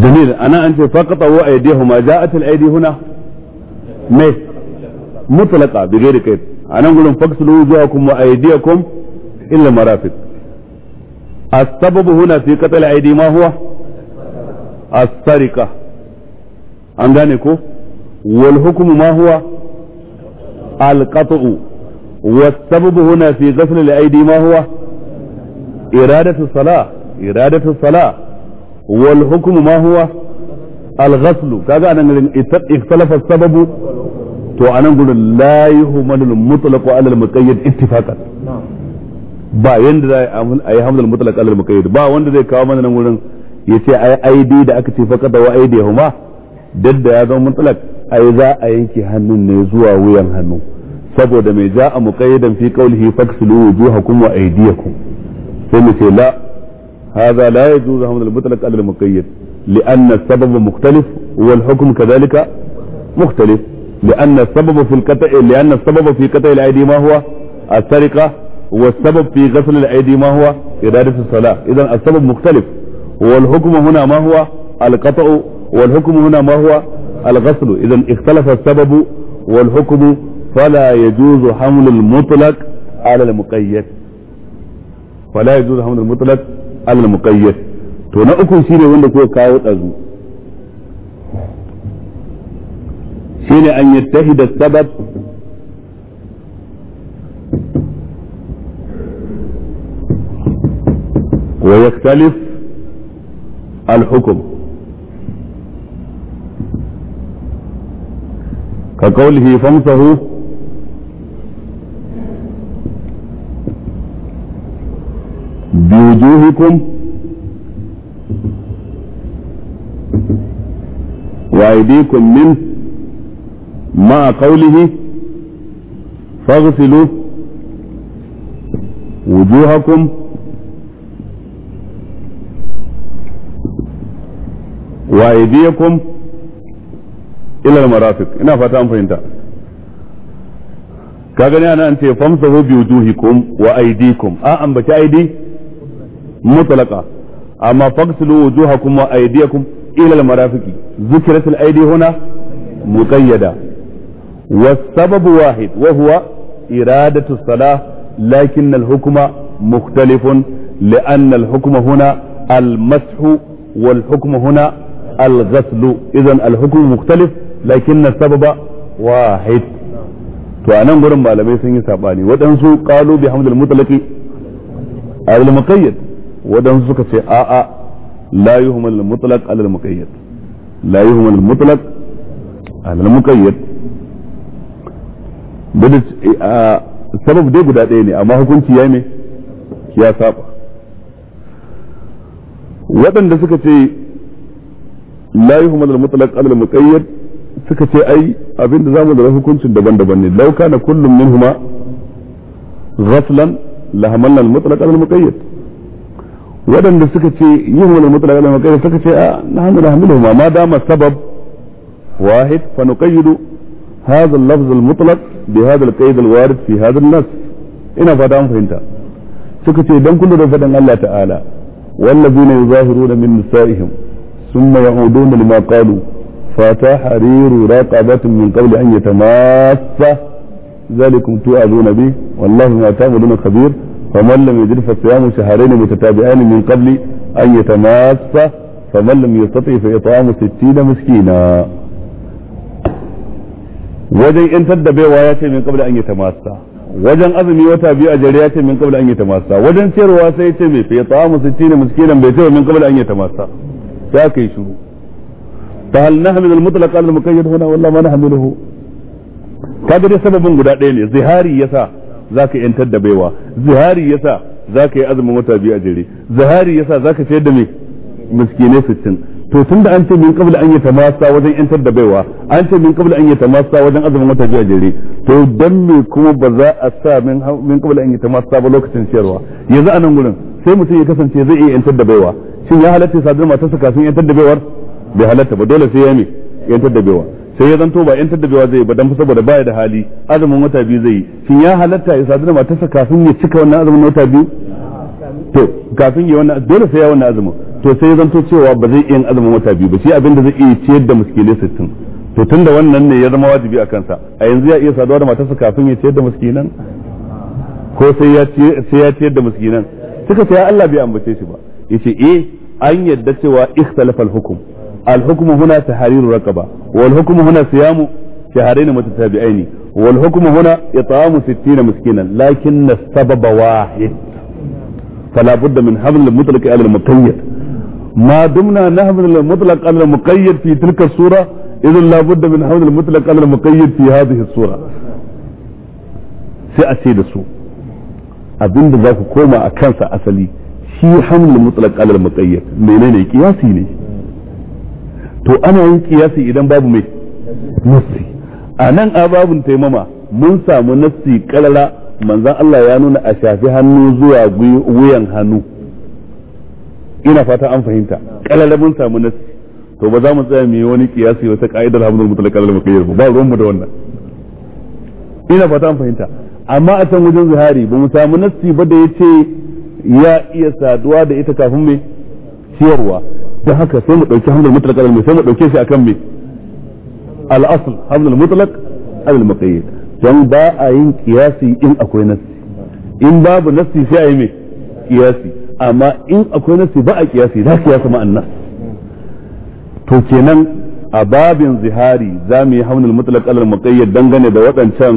جميل انا انت فقط هو ايديهما جاءت الايدي هنا ميت mutlaqa bi ghairi انا anan gurin faksulu wujuhakum wa aydiyakum illa marafiq السبب هنا في قتل أيدي ما هو السرقة أنغانيكو والحكم ما هو القطع والسبب هنا في غسل الأيدي ما هو إرادة الصلاة إرادة الصلاة والحكم ما هو الغسل كذا أنا اختلف السبب to a nan gurin la yuhmalul mutlaq ala al muqayyad ittifaqan ba yanda za a yi hamdul mutlaq ala al muqayyad ba wanda zai kawo mana nan gurin yace ai aidi da aka ce da wa aidi huma dadda ya zama mutlaq ai za a yanke hannun ne zuwa wuyan hannu saboda mai za a muqayyadan fi qawlihi faksilu wujuhakum wa aydiyakum sai mu ce la hada la yajuzu hamdul mutlaq ala al muqayyad لأن السبب مختلف والحكم كذلك مختلف لأن السبب في القطع لأن السبب في قطع الأيدي ما هو السرقة والسبب في غسل الأيدي ما هو إدارة الصلاة إذا السبب مختلف والحكم هنا ما هو القطع والحكم هنا ما هو الغسل إذا اختلف السبب والحكم فلا يجوز حمل المطلق على المقيد فلا يجوز حمل المطلق على المقيد تو na uku shine wanda kuka kawo shine an yattahida sabab wa yaktalif al-hukm كقوله فامسه بوجوهكم وأيديكم منه مع قوله فاغسلوا وجوهكم وأيديكم إلى المرافق إنا فتام فهمت كاغني أنا أنت فامسحوا بوجوهكم وأيديكم أأم آه بك أيدي مطلقة أما فاغسلوا وجوهكم وأيديكم إلى المرافق ذكرت الأيدي هنا مقيدة والسبب واحد وهو إرادة الصلاة لكن الحكم مختلف لأن الحكم هنا المسح والحكم هنا الغسل إذا الحكم مختلف لكن السبب واحد وأنا أقول ما لم يسني سباني ودنسو قالوا بحمد المطلق على المقيد ودنسو كسي آآ لا يهمل المطلق على المقيد لا يهمل المطلق على المقيد duk sabab dai guda ɗaya ne amma hukunci ya mai ya saba waɗanda suka ce la yuhmal al-mutlaq al muqayyad suka ce ai abinda za mu da hukuncin daban-daban ne lauka na kullum minhuma ghaslan la hamalna al-mutlaq al muqayyad waɗanda suka ce yi yuhmal al-mutlaq al muqayyad suka ce a na hannu da nahmiluhuma ma dama sabab wahid fa nuqayyidu هذا اللفظ المطلق بهذا القيد الوارد في هذا النص إن فدان فهمتا سكتي دن كل رفدا الله تعالى والذين يظاهرون من نسائهم ثم يعودون لما قالوا حرير رقبة من قبل أن يتماس ذلكم توعدون به والله ما تعملون خبير فمن لم يجد فصيام شهرين متتابعين من قبل أن يتماس فمن لم يستطع فإطعام ستين مسكينا wajen yantar da baiwa ya ce min kabla an yi tamasa wajen azumi wata biyu a jere ya ce min kabla an yi tamasa wajen ciyarwa sai ya ce mai fiye tsawa musulci miskinan bai ce min kabla an yi tamasa sai aka yi shuru fa hal nahmil al-mutlaq al-muqayyad huna walla ma nahmiluhu kaga dai sababin guda ɗaya ne zihari yasa zaka yantar da baiwa zihari yasa zaka yi azumin wata biyu a jere zihari yasa zaka ciyar da mai miskinai sittin to tun da an ce min kabla an yatamassa wajen yantar da baiwa an ce min kabla an yatamassa wajen azumin wata jiya jere to dan me kuma ba za a sa min min qabla an yatamassa ba lokacin ciyarwa yanzu a nan gurin sai mutum ya kasance zai iya yantar da baiwa shin ya halatta sadar matarsa kafin yantar da baiwar bai halatta ba dole sai ya me yantar da baiwa sai ya zanto ba yantar da baiwa zai ba dan saboda baya da hali azumin wata biyu zai shin ya halatta ya sadar matarsa kafin ya cika wannan azumin wata biyu to kafin ya wannan dole sai ya wannan azumin to sai zanto cewa ba zai iya azumin wata biyu ba shi abin da zai iya ciyar da miskinai sittin to tun da wannan ne ya zama wajibi a kansa a yanzu ya iya saduwa da matarsa kafin ya ciyar da miskinan ko sai ya sai ya ciyar da miskinan suka ce ya Allah bai ambace shi ba yace eh an yadda cewa ikhtalafa al-hukm al-hukm huna tahriru raqaba wal hukm huna siyamu shahrayn mutatabi'ain wal hukm huna it'amu 60 miskinan lakin as-sababa wahid فلا بد من حمل المطلق على المقيد ما دمنا نحمل المطلق على المقيد في تلك الصورة إذا لابد من حمل المطلق على المقيد في هذه الصورة sai a ce da su abinda za ku koma a kansa asali shi hamlin mutlaq alal muqayyad menene kiyasi ne to ana kiyasi idan babu mai a nan a taimama mun samu nassi kalala manzan Allah ya nuna a shafi hannu zuwa wuyan hannu ina fata an fahimta kalalabun samu nas to ba za mu tsaya mu wani kiyasi wata ka'idar hamdul mutlaq al muqayyad ba ruwan mu da wannan ina fata an fahimta amma a can wajen zihari ba mu samu nassi ba da yace ya iya saduwa da ita kafin me ciyarwa da haka sai mu dauki hamdul mutlaq mai sai mu dauke shi akan me al asl hamdul mutlaq al muqayyad dan ba a yin kiyasi in akwai nassi in babu nassi sai a yi me kiyasi amma in akwai nasi ba a kiyasi za kiyasa ma'annas to kenan a babin zihari za mu yi haunin mutlaq alal muqayyad dangane da waɗancan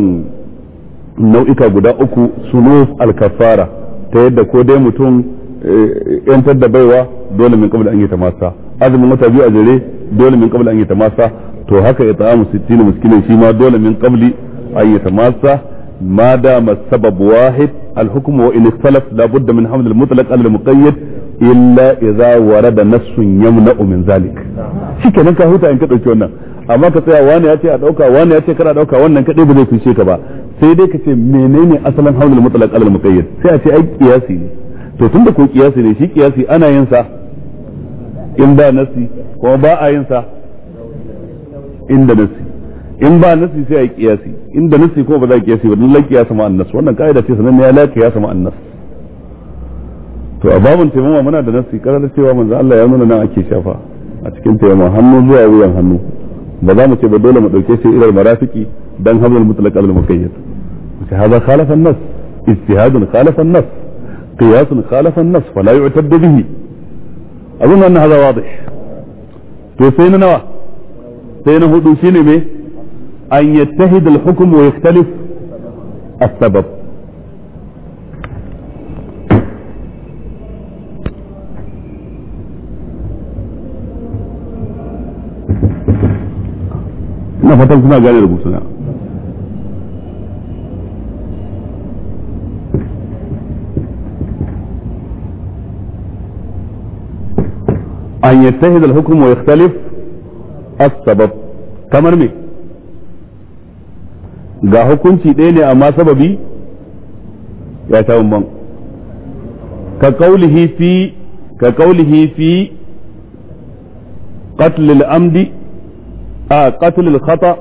nau'ika guda uku suno alkafara ta yadda ko dai mutum eh, yantar da baiwa dole min qabla an yi masa azumin wata biyu a jere dole min qabla an yi masa to haka ita'amu 60 miskinin shi ma dole min qabli an yi masa ma da sabab wahid الحكم وإن اختلف لابد من حمل المطلق على المقيد إلا إذا ورد نص يمنع من ذلك شكرا ka huta in ka dauki wannan amma ka tsaya wani ya ce a dauka wani ya ce kar a dauka wannan kadai ba zai fice ka ba sai dai ka ce menene asalin haulul mutlaq alal muqayyad sai a ce ai kiyasi ne to tunda ko kiyasi ne shi kiyasi ana yin in ba nasi kuma ba a in ba sai a yi inda nasi ko ba za ki yasi ba dan laki ya sama annas wannan kaida ce sanan ya laki ya sama annas to a babun taimama muna da nasi karar cewa manzo Allah ya nuna nan ake shafa a cikin taimama hannu zuwa wuyan hannu ba za mu ce ba dole mu dauke shi ilal marafiki dan hamlul mutlaq al muqayyad sai hada khalafa an-nas ijtihadun khalafa an-nas qiyasun khalafa an-nas fala yu'tad bihi abun wannan hada wadih to sai na nawa sai na hudu shine me أن يجتهد الحكم ويختلف السبب ina fatan kuna gane rubutu na أن يجتهد الحكم ويختلف السبب كمر مين ga hukunci ɗaya ne amma sababi ya ta ban ka kaulihi fi ka kaulihi fi qatl amdi a qatl kasa khata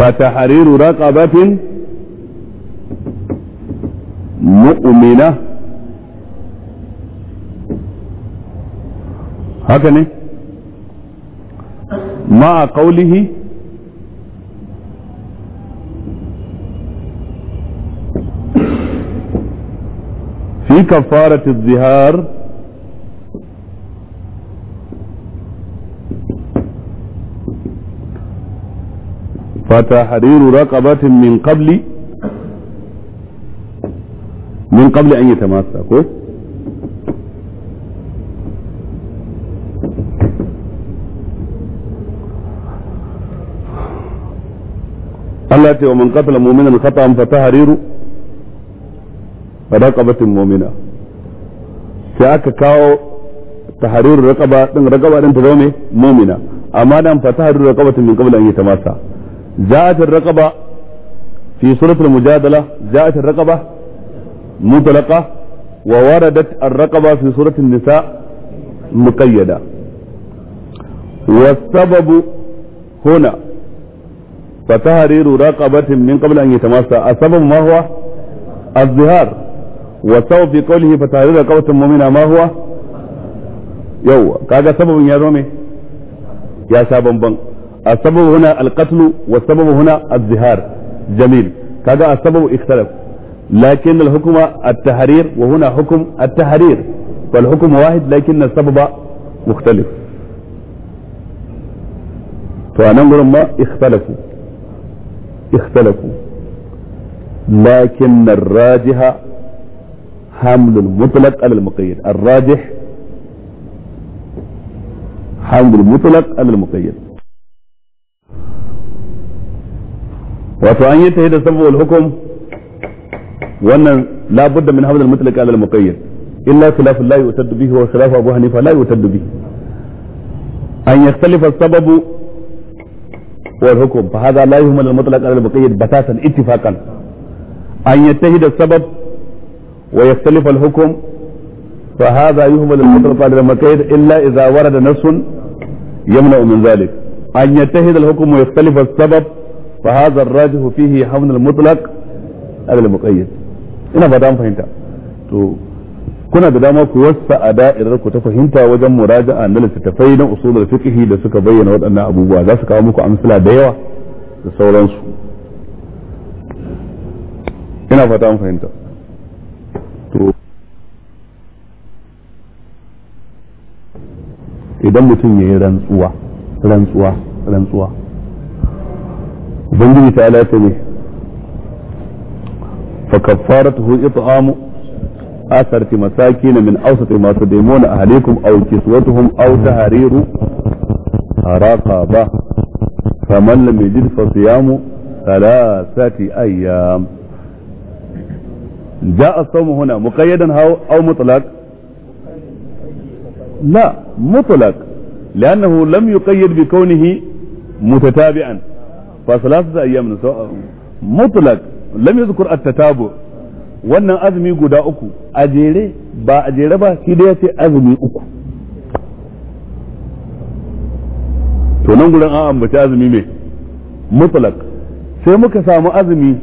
فتحرير رقبة مؤمنة haka ne ma a kaulihi fi kafarati zihar فتحرير رقبة من قبل من قبل أن يتماسكوا Allah ce wa man qatala mu'minan khata'an fa tahriru raqabatin mu'mina sai aka kawo tahriru raqaba din raqaba din ta zama mu'mina amma dan fa tahriru raqabatin min qabla an yatamassa ja'at ar-raqaba fi suratul mujadala ja'at ar-raqaba mutlaqa wa waradat ar-raqaba fi suratul nisa muqayyada والسبب هنا فتحرير رقبة من قبل أن يتماسى السبب ما هو الظهار والسبب في قوله فتحرير رقبة مؤمنة ما هو يو كذا سبب يا رومي يا شابن بن السبب هنا القتل والسبب هنا الظهار جميل كذا السبب اختلف لكن الحكم التحرير وهنا حكم التحرير فالحكم واحد لكن السبب مختلف فأنا ما اختلفوا اختلفوا لكن الراجح حمل المطلق على المقيد الراجح حمل المطلق على المقيد wato an yi ta da sabuwar hukum wannan labudda min hamdul mutlaq ala al-muqayyad illa khilaf la yutaddu bihi wa khilaf abu hanifa la yutaddu bihi an yakhtalifa sababu والحكم فهذا لا يهمل المطلق على المقيد بتاتا اتفاقا أن يتهد السبب ويختلف الحكم فهذا يهمل المطلق على المقيد إلا إذا ورد نص يمنع من ذلك أن يتهد الحكم ويختلف السبب فهذا الراجح فيه حمل المطلق على المقيد انا ba ta kuna da dama ku wasa a da'irar ku ta fahimta wajen muraja'a na littattafai na usulul fiqh da suka bayyana waɗannan abubuwa za su kawo muku amsala da yawa da sauransu ina fata an fahimta to idan mutum yayi rantsuwa rantsuwa rantsuwa ubangiji ta ala ta ne fa kaffaratuhu it'amu عشرة مساكين من أوسط ما تديمون أهليكم أو كسوتهم أو تحرير رقبة فمن لم يجد فصيام ثلاثة أيام جاء الصوم هنا مقيدا أو مطلق لا مطلق لأنه لم يقيد بكونه متتابعا فثلاثة أيام مطلق لم يذكر التتابع wannan azumi guda uku a jere ba a jere ba shi da ya ce azumi uku to nan gudan an ambaci azumi mai mutlak sai muka samu azumi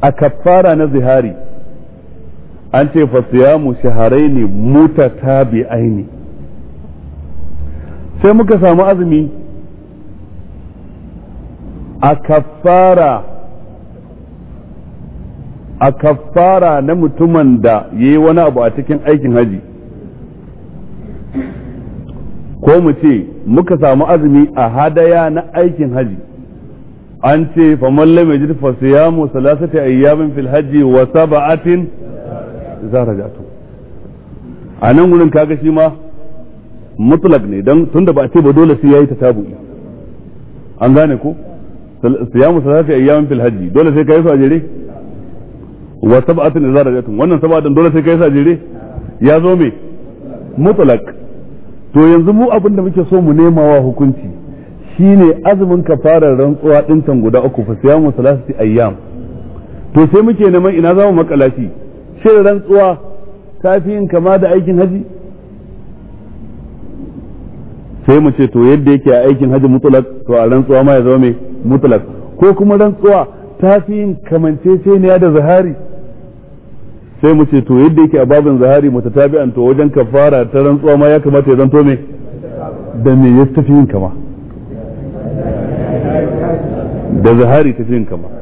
a kafara na zihari an ce mu shaharai ne muta mutatabi aini sai muka samu azumi a kafara a kafara na mutumin da ya yi wani abu a cikin aikin haji ko mu ce muka samu azumi a hadaya na aikin haji an ce faman lam yajid fa ya salasati ayyamin fil hajji wa sab'atin ba a nan wurin kaga shi ma mutlak ne don tunda ba a ce ba dole sai ya yi ta tabu an gane ko siyamu salasati a yamin filhaji dole sai ka yi su a jere wa sab'atin idza rajatun wannan sab'atin dole sai kai sa jere ya zo me mutlaq to yanzu mu abin da muke so mu nema wa hukunci shine azumin kafarar rantsuwa din tan guda uku fa siyamu salasati ayyam to sai muke neman ina za mu makala shi shin rantsuwa ta fi yin kama da aikin haji sai mu ce to yadda yake a aikin haji mutlaq to a rantsuwa ma ya zama me mutlaq ko kuma rantsuwa ta fi yin kamanceceniya da zahari sai mu ce to yadda yake a babin zahari mutatabi'an to wajen kafara ta rantsuwa ma ya kamata ya zanto me da me ya tafi yin kama da zahari tafi yin kama